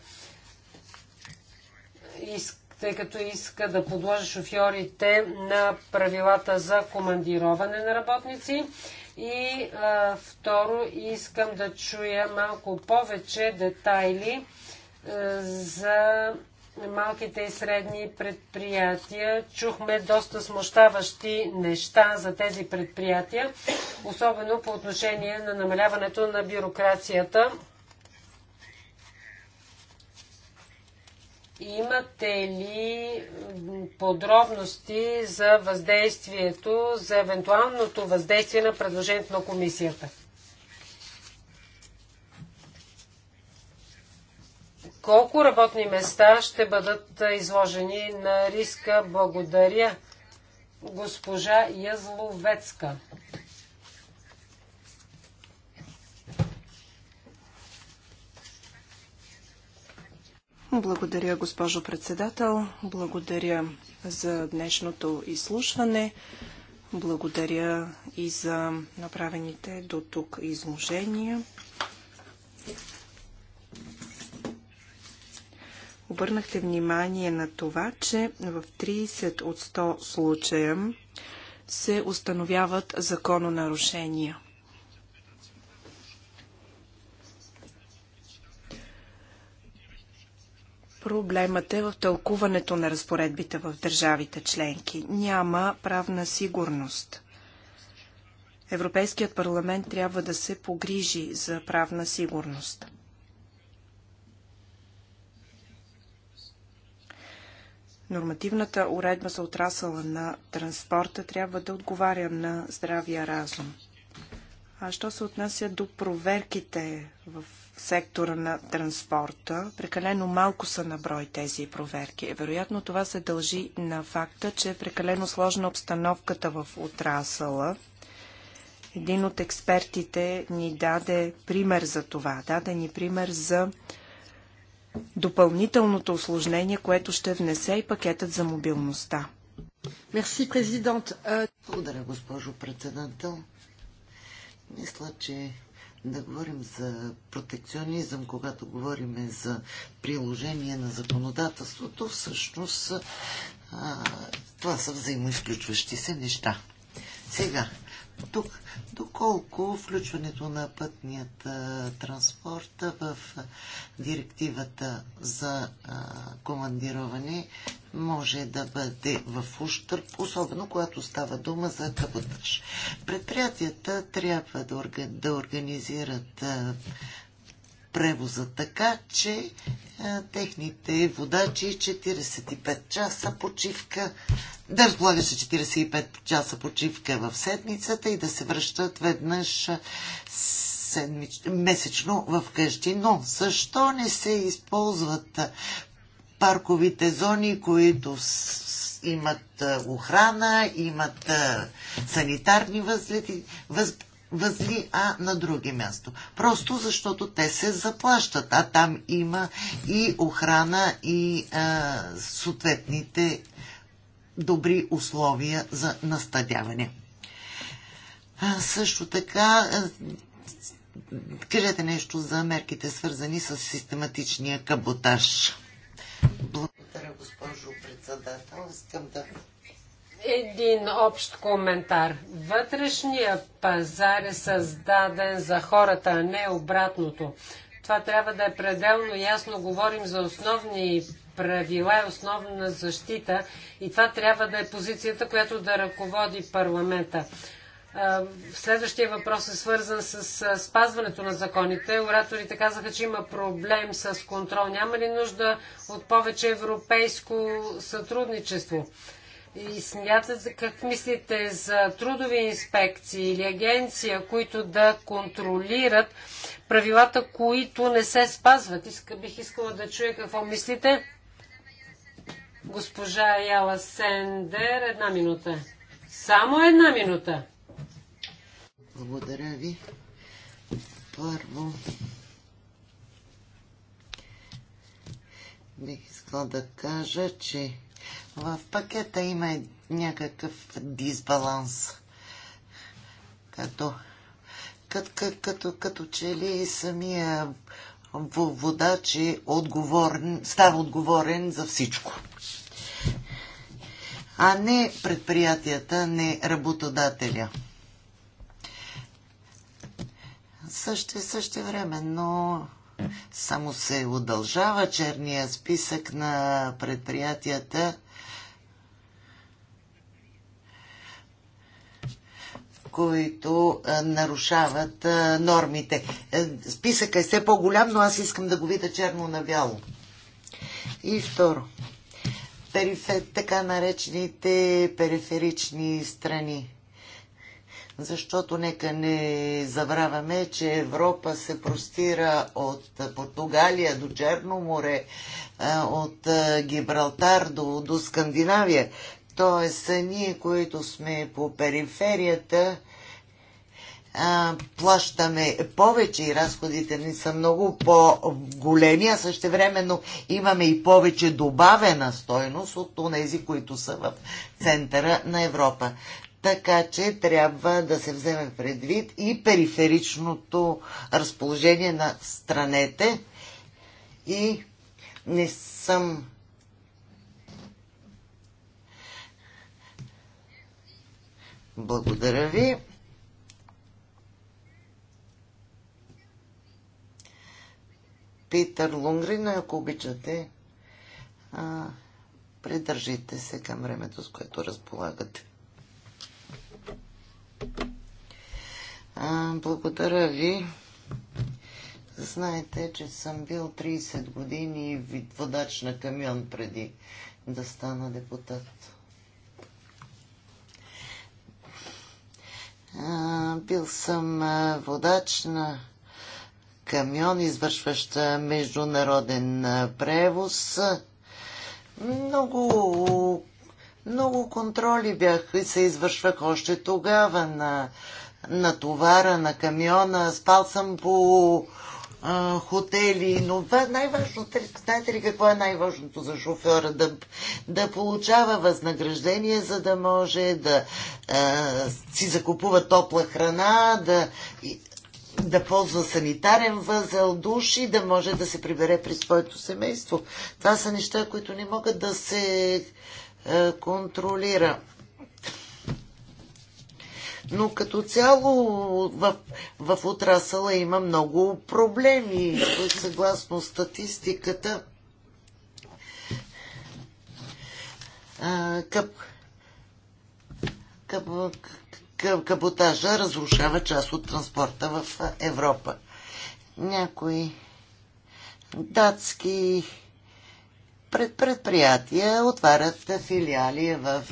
Тъй като иска да подложи шофьорите на правилата за командироване на работници и а, второ, искам да чуя малко повече детайли а, за малките и средни предприятия. Чухме доста смущаващи неща за тези предприятия, особено по отношение на намаляването на бюрокрацията Имате ли подробности за въздействието, за евентуалното въздействие на предложението на комисията? Колко работни места ще бъдат изложени на риска? Благодаря, госпожа Язловецка. Благодаря, госпожо председател. Благодаря за днешното изслушване. Благодаря и за направените до тук изложения. Обърнахте внимание на това, че в 30 от 100 случая се установяват закононарушения – Проблемът е в тълкуването на разпоредбите в държавите членки. Няма правна сигурност. Европейският парламент трябва да се погрижи за правна сигурност. Нормативната уредба за отрасъла на транспорта трябва да отговаря на здравия разум. А що се отнася до проверките в сектора на транспорта. Прекалено малко са на брой тези проверки. Е, вероятно това се дължи на факта, че е прекалено сложна обстановката в отрасъла. Един от експертите ни даде пример за това. Даде ни пример за допълнителното осложнение, което ще внесе и пакетът за мобилността. Мерси, президент. Е, Благодаря, госпожо председател. Мисля, че да говорим за протекционизъм, когато говорим за приложение на законодателството, всъщност а, това са взаимоизключващи се неща. Сега, тук, доколко включването на пътният транспорт в директивата за командироване може да бъде в ущърп, особено когато става дума за каботаж. Предприятията трябва да, организират превоза, така че а, техните водачи 45 часа почивка, да разполага се 45 часа почивка в седмицата и да се връщат веднъж седмич, месечно в къщи. Но защо не се използват парковите зони, които имат охрана, имат санитарни възгледи, въз, възли, а на други място. Просто защото те се заплащат, а там има и охрана и а, съответните добри условия за настадяване. А, също така, кажете нещо за мерките, свързани с систематичния каботаж. Благодаря, госпожо председател. Искам да един общ коментар. Вътрешния пазар е създаден за хората, а не обратното. Това трябва да е пределно ясно. Говорим за основни правила и основна защита. И това трябва да е позицията, която да ръководи парламента. Следващия въпрос е свързан с спазването на законите. Ораторите казаха, че има проблем с контрол. Няма ли нужда от повече европейско сътрудничество? И смятате, как мислите за трудови инспекции или агенция, които да контролират правилата, които не се спазват? Иска, бих искала да чуя какво мислите. Госпожа Яла Сендер, една минута. Само една минута. Благодаря ви. Първо, бих искала да кажа, че в пакета има някакъв дисбаланс. Като, като, като, като че ли самия водач е отговорен, става отговорен за всичко. А не предприятията, не работодателя. Също и също време, но само се удължава черния списък на предприятията, които нарушават нормите. Е, списъка е все по-голям, но аз искам да го видя черно на бяло. И второ, Перифе, така наречените периферични страни. Защото нека не забравяме, че Европа се простира от Португалия до Черно море, от Гибралтар до, до Скандинавия. Тоест, ние, които сме по периферията, а, плащаме повече и разходите ни са много по-големи, а също времено имаме и повече добавена стойност от тези, които са в центъра на Европа. Така че трябва да се вземе предвид и периферичното разположение на странете, и не съм Благодаря ви. Питър Лунгрин, ако обичате, а, придържите се към времето, с което разполагате. А, благодаря ви. Знаете, че съм бил 30 години водач на камион преди да стана депутат. Бил съм водач на камион, извършващ международен превоз. Много, много контроли бях и се извършвах още тогава на, на товара, на камиона. Спал съм по а, хотели, но е най-важното, нали, знаете ли какво е най-важното за шофьора? Да, да получава възнаграждение, за да може да а, си закупува топла храна, да, да ползва санитарен възел, душ и да може да се прибере при своето семейство. Това са неща, които не могат да се а, контролира но като цяло в, в отрасъла има много проблеми. Съгласно статистиката, къп, къп, къп, каботажа разрушава част от транспорта в Европа. Някои датски пред предприятия отварят филиали в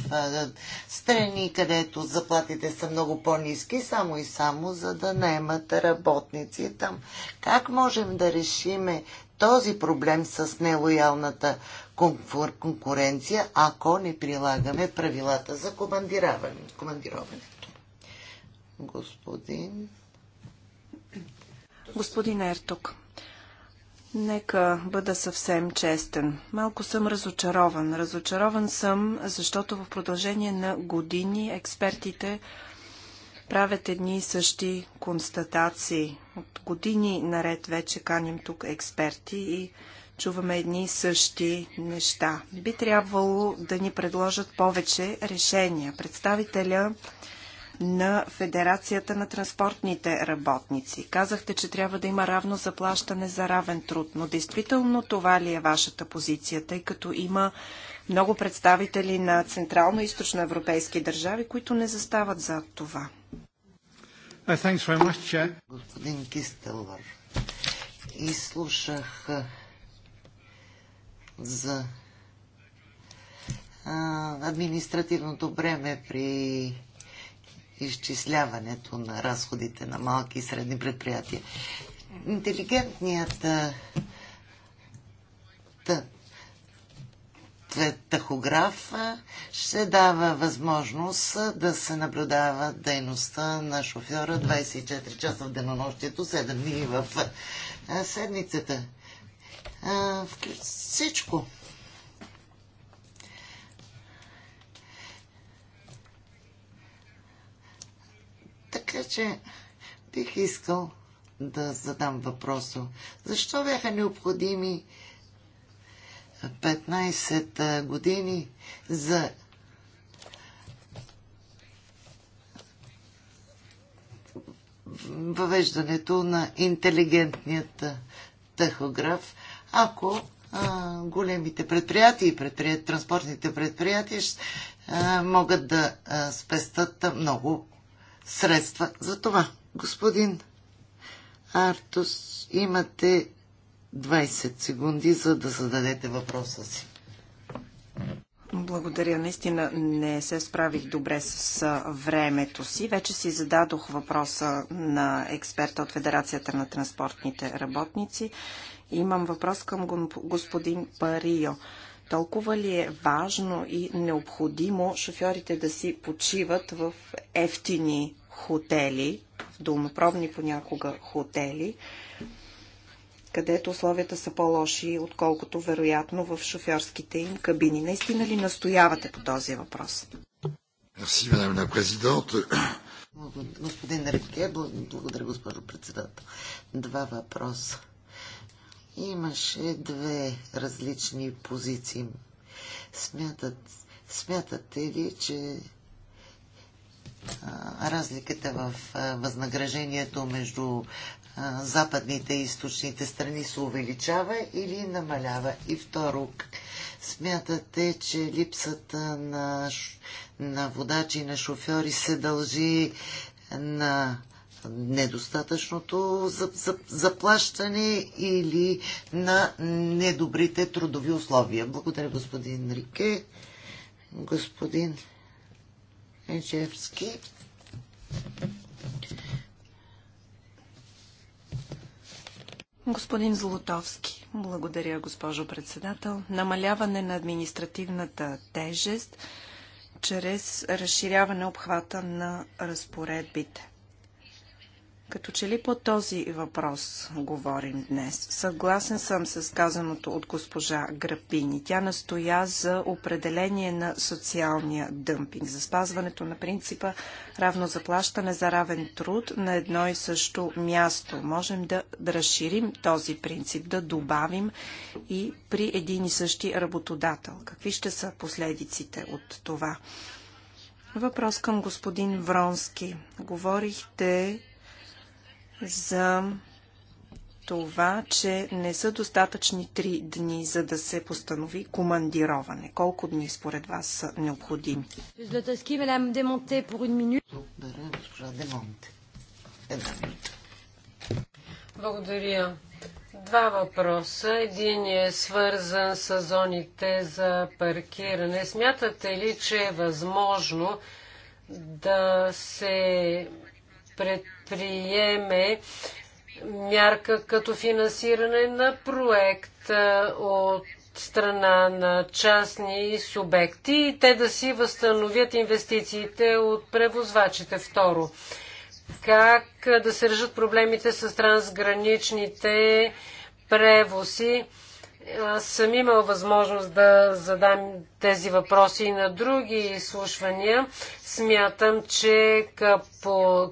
страни, където заплатите са много по-низки, само и само за да наемат работници там. Как можем да решиме този проблем с нелоялната конкуренция, ако не прилагаме правилата за командироването? Господин. Господин Ертук. Нека бъда съвсем честен. Малко съм разочарован. Разочарован съм, защото в продължение на години експертите правят едни и същи констатации. От години наред вече каним тук експерти и чуваме едни и същи неща. Би трябвало да ни предложат повече решения. Представителя на Федерацията на транспортните работници. Казахте, че трябва да има равно заплащане за равен труд, но действително това ли е вашата позиция, тъй като има много представители на централно и източно европейски държави, които не застават зад това? Uh, Господин Кистелър, изслушах за административното бреме при изчисляването на разходите на малки и средни предприятия. Интелигентният тахограф ще дава възможност да се наблюдава дейността на шофьора 24 часа в денонощието, 7 дни в седмицата. Всичко Така че бих искал да задам въпроса. Защо бяха необходими 15 години за въвеждането на интелигентният тахограф, ако а, големите предприятия и предприят, транспортните предприятия а, могат да а, спестат много средства за това. Господин Артус, имате 20 секунди, за да зададете въпроса си. Благодаря. Наистина не се справих добре с времето си. Вече си зададох въпроса на експерта от Федерацията на транспортните работници. Имам въпрос към господин Парио. Толкова ли е важно и необходимо шофьорите да си почиват в ефтини хотели, в долнопробни понякога хотели, където условията са по-лоши, отколкото вероятно в шофьорските им кабини. Наистина ли настоявате по този въпрос? Мерси, мадам на президент. Господин Ревке, благодаря, госпожо председател. Два въпроса. Имаше две различни позиции. Смятат, смятате ли, че а, разликата в а, възнаграждението между а, западните и източните страни се увеличава или намалява? И второ, смятате, че липсата на, на водачи и на шофьори се дължи на недостатъчното заплащане или на недобрите трудови условия. Благодаря, господин Рике. Господин Енчевски. Господин Золотовски, благодаря, госпожо председател. Намаляване на административната тежест чрез разширяване обхвата на разпоредбите. Като че ли по този въпрос говорим днес? Съгласен съм с казаното от госпожа Грапини. Тя настоя за определение на социалния дъмпинг, за спазването на принципа равно заплащане за равен труд на едно и също място. Можем да, да разширим този принцип, да добавим и при един и същи работодател. Какви ще са последиците от това? Въпрос към господин Вронски. Говорихте за това, че не са достатъчни три дни, за да се постанови командироване. Колко дни според вас са необходими? Благодаря, госпожа Демонте. Една минута. Благодаря. Два въпроса. Един е свързан с зоните за паркиране. Смятате ли, че е възможно да се предприемат приеме мярка като финансиране на проект от страна на частни субекти и те да си възстановят инвестициите от превозвачите. Второ, как да се решат проблемите с трансграничните превози? Аз съм имал възможност да задам тези въпроси и на други изслушвания. Смятам, че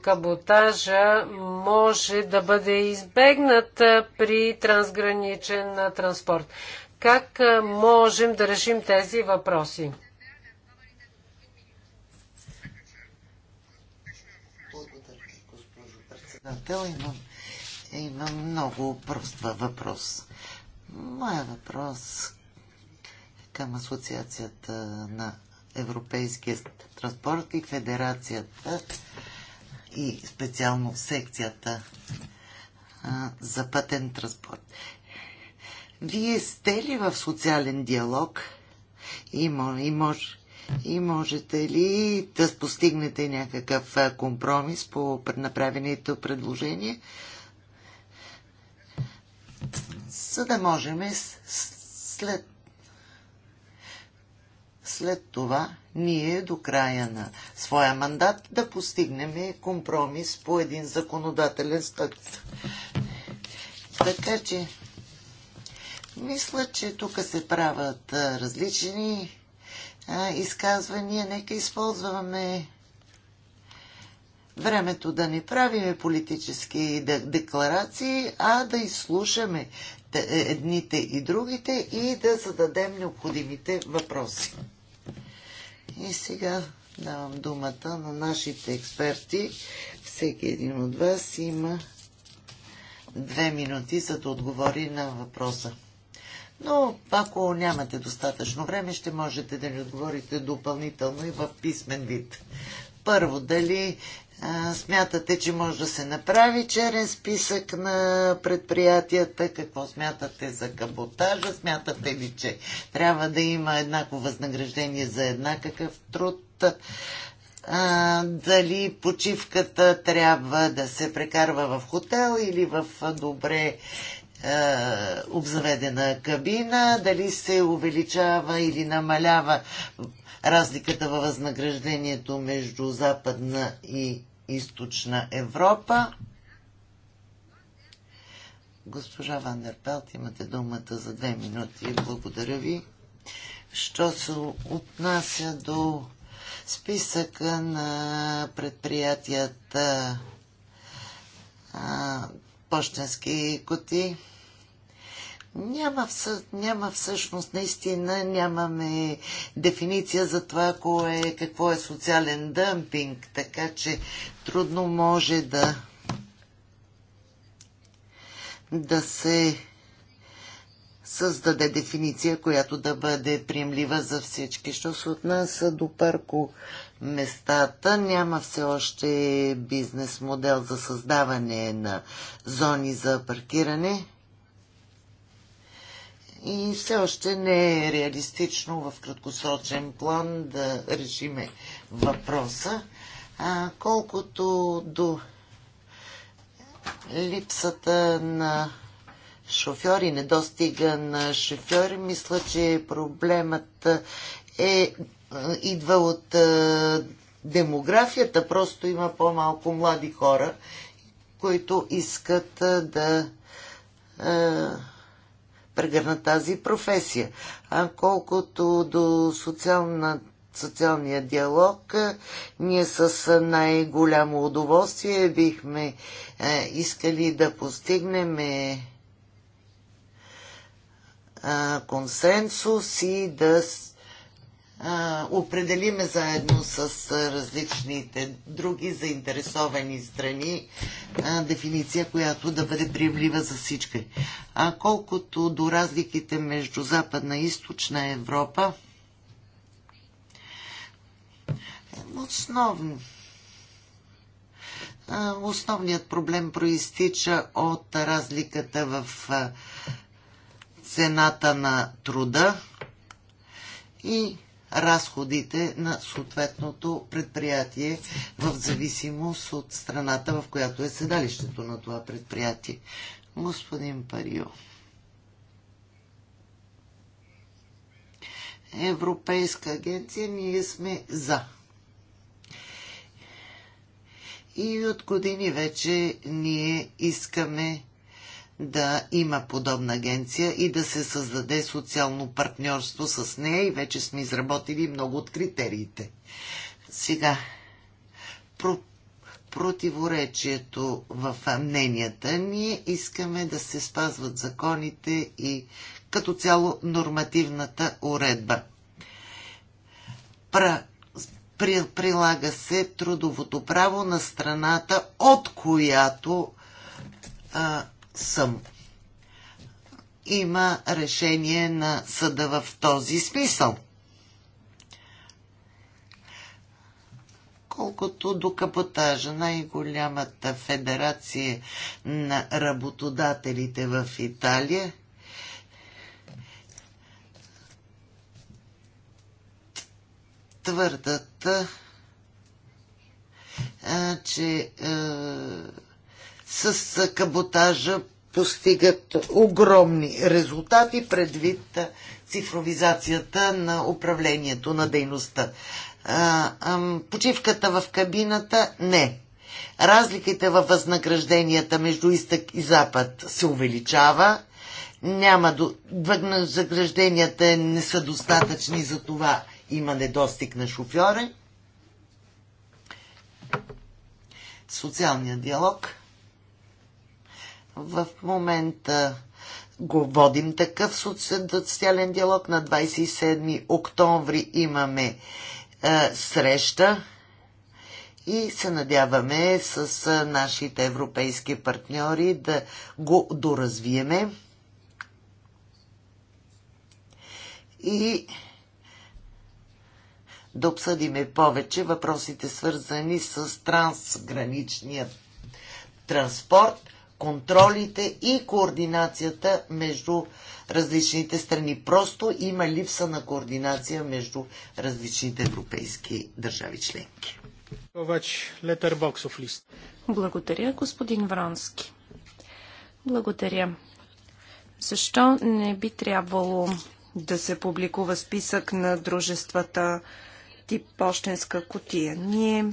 каботажа може да бъде избегнат при трансграничен транспорт. Как можем да решим тези въпроси? Благодаря, госпожо председател. Имам, имам много прост въпрос Моя въпрос към Асоциацията на Европейския транспорт и Федерацията и специално секцията а, за пътен транспорт. Вие сте ли в социален диалог и, и, мож, и можете ли да постигнете някакъв компромис по направените предложения? за да можем след, след това ние до края на своя мандат да постигнем компромис по един законодателен стък. Така че, мисля, че тук се правят различни а, изказвания. Нека използваме времето да не правиме политически декларации, а да изслушаме е, едните и другите и да зададем необходимите въпроси. И сега давам думата на нашите експерти. Всеки един от вас има две минути, за да отговори на въпроса. Но ако нямате достатъчно време, ще можете да ни отговорите допълнително и в писмен вид. Първо, дали смятате, че може да се направи черен списък на предприятията? Какво смятате за каботажа? Смятате ли, че трябва да има еднакво възнаграждение за еднакъв труд? А, дали почивката трябва да се прекарва в хотел или в добре обзаведена кабина, дали се увеличава или намалява разликата във възнаграждението между западна и източна Европа. Госпожа Вандерпелт, имате думата за две минути. Благодаря ви. Що се отнася до списъка на предприятията а, почтенски коти, няма, всъ... няма всъщност, наистина нямаме дефиниция за това кое, е, какво е социален дъмпинг, така че трудно може да да се създаде дефиниция, която да бъде приемлива за всички. Що се отнася до парко местата, няма все още бизнес модел за създаване на зони за паркиране и все още не е реалистично в краткосрочен план да решиме въпроса. А, колкото до липсата на шофьори, недостига на шофьори, мисля, че проблемът е, идва от демографията. Просто има по-малко млади хора, които искат да прегърна тази професия. А колкото до социална, социалния диалог. Ние с най-голямо удоволствие бихме е, искали да постигнем е, консенсус и да определиме заедно с различните други заинтересовани страни дефиниция, която да бъде приемлива за всички. А колкото до разликите между Западна и Източна Европа, основно Основният проблем проистича от разликата в цената на труда и разходите на съответното предприятие в зависимост от страната, в която е седалището на това предприятие. Господин Парио. Европейска агенция, ние сме за. И от години вече ние искаме да има подобна агенция и да се създаде социално партньорство с нея и вече сме изработили много от критериите. Сега, про противоречието в мненията. Ние искаме да се спазват законите и като цяло нормативната уредба. Пра, при, прилага се трудовото право на страната, от която а, съм. Има решение на съда в този смисъл. колкото до капотажа. Най-голямата федерация на работодателите в Италия Твърдата. че е, с каботажа постигат огромни резултати предвид цифровизацията на управлението на дейността. почивката в кабината не. Разликите във възнагражденията между изток и запад се увеличава. Няма до... Възнагражденията не са достатъчни, за това има недостиг на шофьори. Социалния диалог – в момента го водим такъв социален диалог. На 27 октомври имаме е, среща и се надяваме с е, нашите европейски партньори да го доразвиеме. И да обсъдиме повече въпросите свързани с трансграничния транспорт – контролите и координацията между различните страни. Просто има липса на координация между различните европейски държави членки. Благодаря, господин Вронски. Благодаря. Защо не би трябвало да се публикува списък на дружествата тип почтенска котия? Ние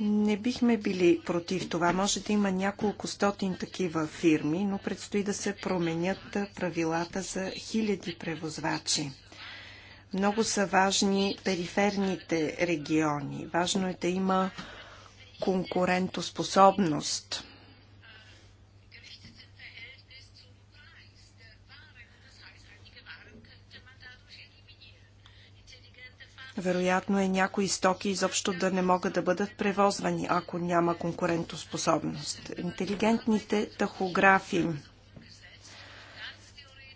Не бихме били против това. Може да има няколко стотин такива фирми, но предстои да се променят правилата за хиляди превозвачи. Много са важни периферните региони. Важно е да има конкурентоспособност Вероятно е някои стоки изобщо да не могат да бъдат превозвани, ако няма конкурентоспособност. Интелигентните тахографи.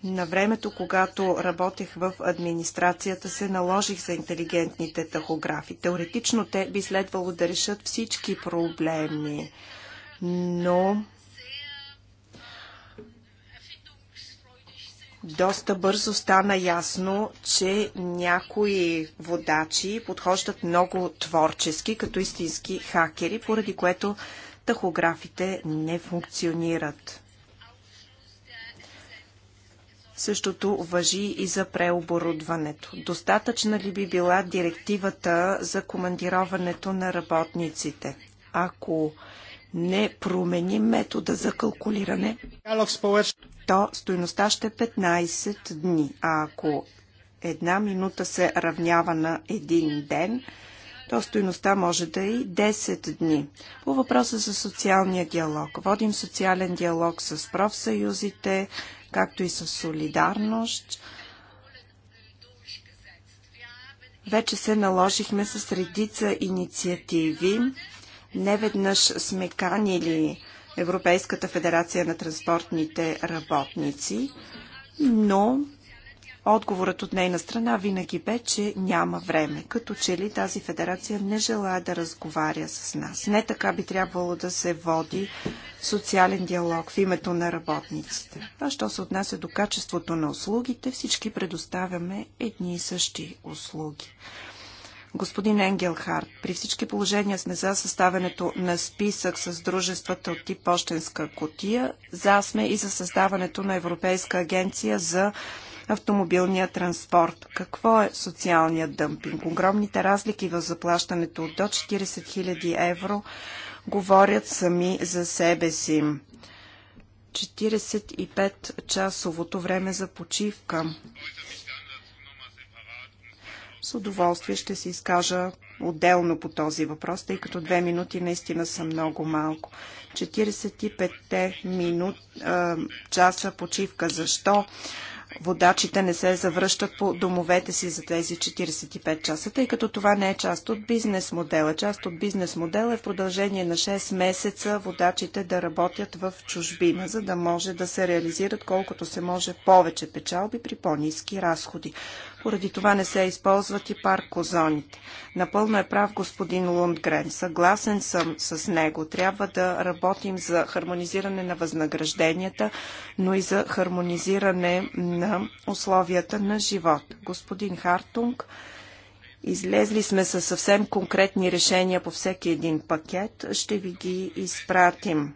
На времето, когато работех в администрацията, се наложих за интелигентните тахографи. Теоретично те би следвало да решат всички проблеми, но доста бързо стана ясно, че някои водачи подхождат много творчески, като истински хакери, поради което тахографите не функционират. Същото въжи и за преоборудването. Достатъчна ли би била директивата за командироването на работниците? Ако не променим метода за калкулиране, то стоеността ще е 15 дни. А ако една минута се равнява на един ден, то стоеността може да е и 10 дни. По въпроса за социалния диалог. Водим социален диалог с профсъюзите, както и с солидарност. Вече се наложихме с редица инициативи. Неведнъж сме канили Европейската федерация на транспортните работници, но отговорът от нейна страна винаги бе, че няма време. Като че ли тази федерация не желая да разговаря с нас. Не така би трябвало да се води социален диалог в името на работниците. А що се отнася до качеството на услугите, всички предоставяме едни и същи услуги. Господин Енгелхарт, при всички положения сме за съставянето на списък с дружествата от тип Пощенска котия. За сме и за създаването на Европейска агенция за автомобилния транспорт. Какво е социалният дъмпинг? Огромните разлики в заплащането от до 40 000 евро говорят сами за себе си. 45-часовото време за почивка. С удоволствие ще се изкажа отделно по този въпрос, тъй като две минути наистина са много малко. 45-те минут, а, часа почивка. Защо водачите не се завръщат по домовете си за тези 45 часа, тъй като това не е част от бизнес модела. Част от бизнес модела е в продължение на 6 месеца водачите да работят в чужбина, за да може да се реализират колкото се може повече печалби при по-низки разходи. Поради това не се използват и паркозоните. Напълно е прав господин Лундгрен. Съгласен съм с него. Трябва да работим за хармонизиране на възнагражденията, но и за хармонизиране на условията на живот. Господин Хартунг, Излезли сме със съвсем конкретни решения по всеки един пакет. Ще ви ги изпратим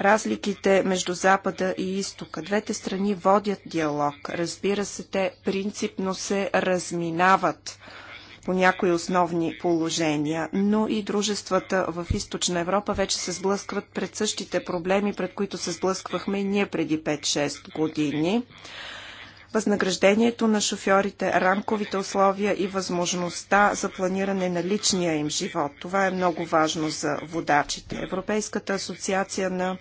разликите между Запада и Изтока. Двете страни водят диалог. Разбира се, те принципно се разминават по някои основни положения, но и дружествата в Източна Европа вече се сблъскват пред същите проблеми, пред които се сблъсквахме и ние преди 5-6 години възнаграждението на шофьорите, рамковите условия и възможността за планиране на личния им живот. Това е много важно за водачите. Европейската асоциация на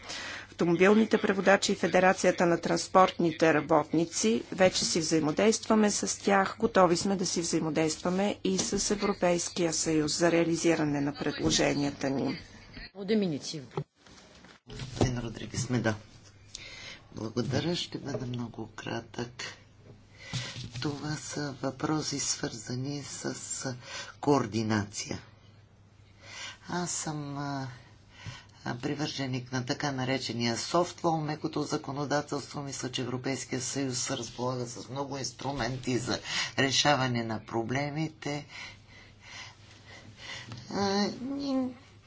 автомобилните преводачи и Федерацията на транспортните работници. Вече си взаимодействаме с тях. Готови сме да си взаимодействаме и с Европейския съюз за реализиране на предложенията ни. Господин Родригес, да. Благодаря, ще бъда много кратък. Това са въпроси свързани с координация. Аз съм привърженик на така наречения софтвол, мекото законодателство. Мисля, че Европейския съюз разполага с много инструменти за решаване на проблемите.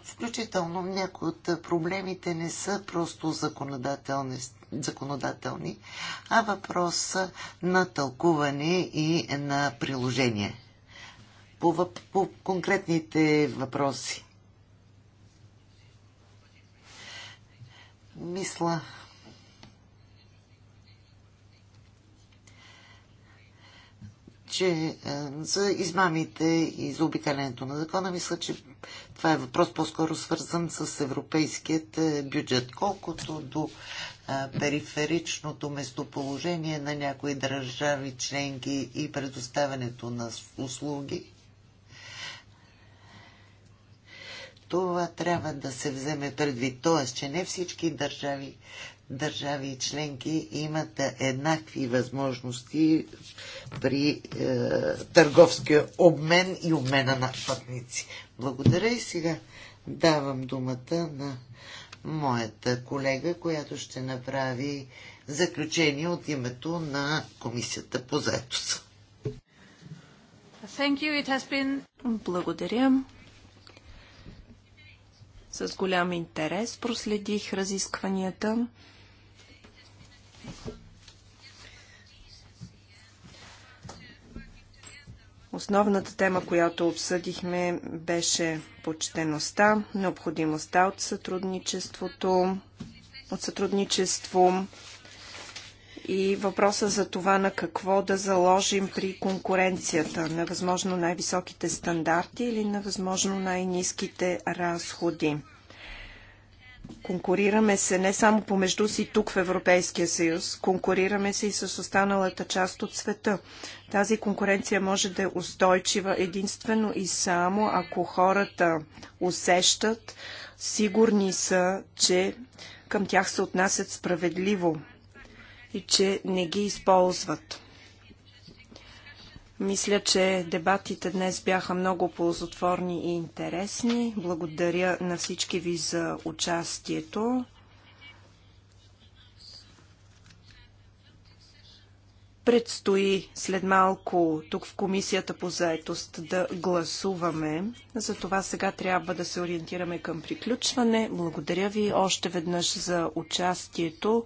Включително някои от проблемите не са просто законодателни законодателни, а въпрос на тълкуване и на приложение. По, въп, по конкретните въпроси. Мисля, че е, за измамите и за обикалянето на закона, мисля, че това е въпрос по-скоро свързан с европейският е, бюджет. Колкото до периферичното местоположение на някои държави членки и предоставянето на услуги. Това трябва да се вземе предвид. Т.е. че не всички държави, държави и членки имат еднакви възможности при е, търговския обмен и обмена на пътници. Благодаря и сега давам думата на моята колега, която ще направи заключение от името на Комисията по заетост. Благодаря. С голям интерес проследих разискванията. Основната тема, която обсъдихме, беше почтеността, необходимостта от сътрудничеството, от сътрудничество и въпроса за това на какво да заложим при конкуренцията, на възможно най-високите стандарти или на възможно най-низките разходи. Конкурираме се не само помежду си тук в Европейския съюз, конкурираме се и с останалата част от света. Тази конкуренция може да е устойчива единствено и само ако хората усещат, сигурни са, че към тях се отнасят справедливо и че не ги използват. Мисля, че дебатите днес бяха много ползотворни и интересни. Благодаря на всички ви за участието. Предстои след малко тук в Комисията по заетост да гласуваме. Затова сега трябва да се ориентираме към приключване. Благодаря ви още веднъж за участието.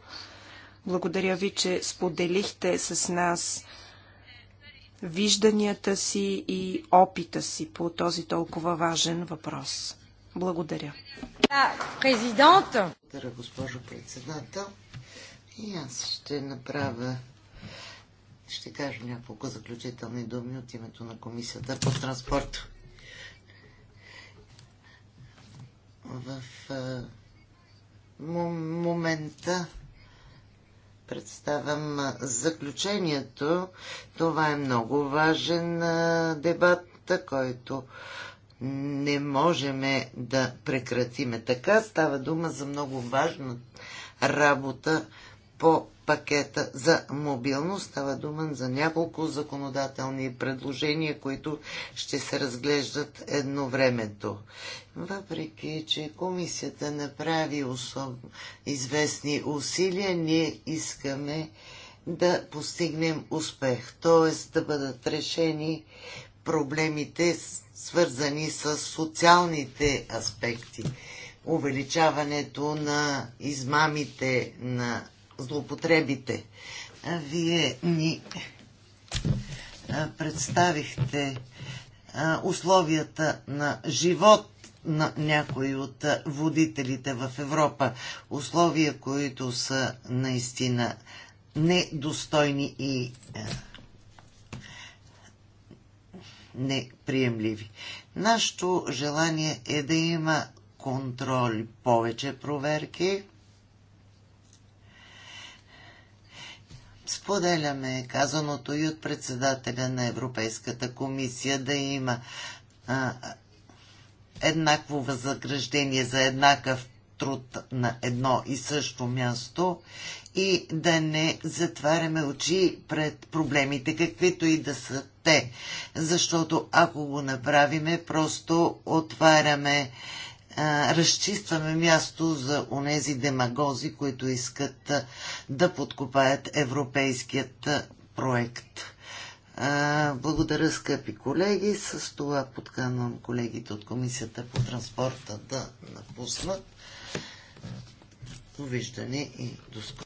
Благодаря ви, че споделихте с нас вижданията си и опита си по този толкова важен въпрос. Благодаря. Благодаря, госпожо председател. И аз ще направя ще кажа няколко заключителни думи от името на Комисията по транспорт. В момента представям заключението. Това е много важен дебат, който не можем да прекратиме така. Става дума за много важна работа по пакета за мобилност. Става дума за няколко законодателни предложения, които ще се разглеждат едновременно. Въпреки, че комисията направи особ... известни усилия, ние искаме да постигнем успех, т.е. да бъдат решени проблемите, свързани с социалните аспекти увеличаването на измамите на злоупотребите. Вие ни представихте условията на живот на някои от водителите в Европа. Условия, които са наистина недостойни и неприемливи. Нашето желание е да има контрол, повече проверки, Споделяме казаното и от председателя на Европейската комисия да има а, еднакво възнаграждение за еднакъв труд на едно и също място и да не затваряме очи пред проблемите, каквито и да са те. Защото ако го направиме, просто отваряме разчистваме място за онези демагози, които искат да подкопаят европейският проект. благодаря, скъпи колеги. С това подканвам колегите от Комисията по транспорта да напуснат. Довиждане и до скоро.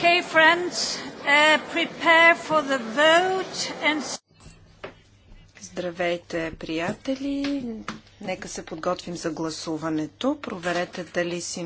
Okay, friends, uh, prepare for the vote and... Здравейте, приятели! Нека се подготвим за гласуването. Проверете дали си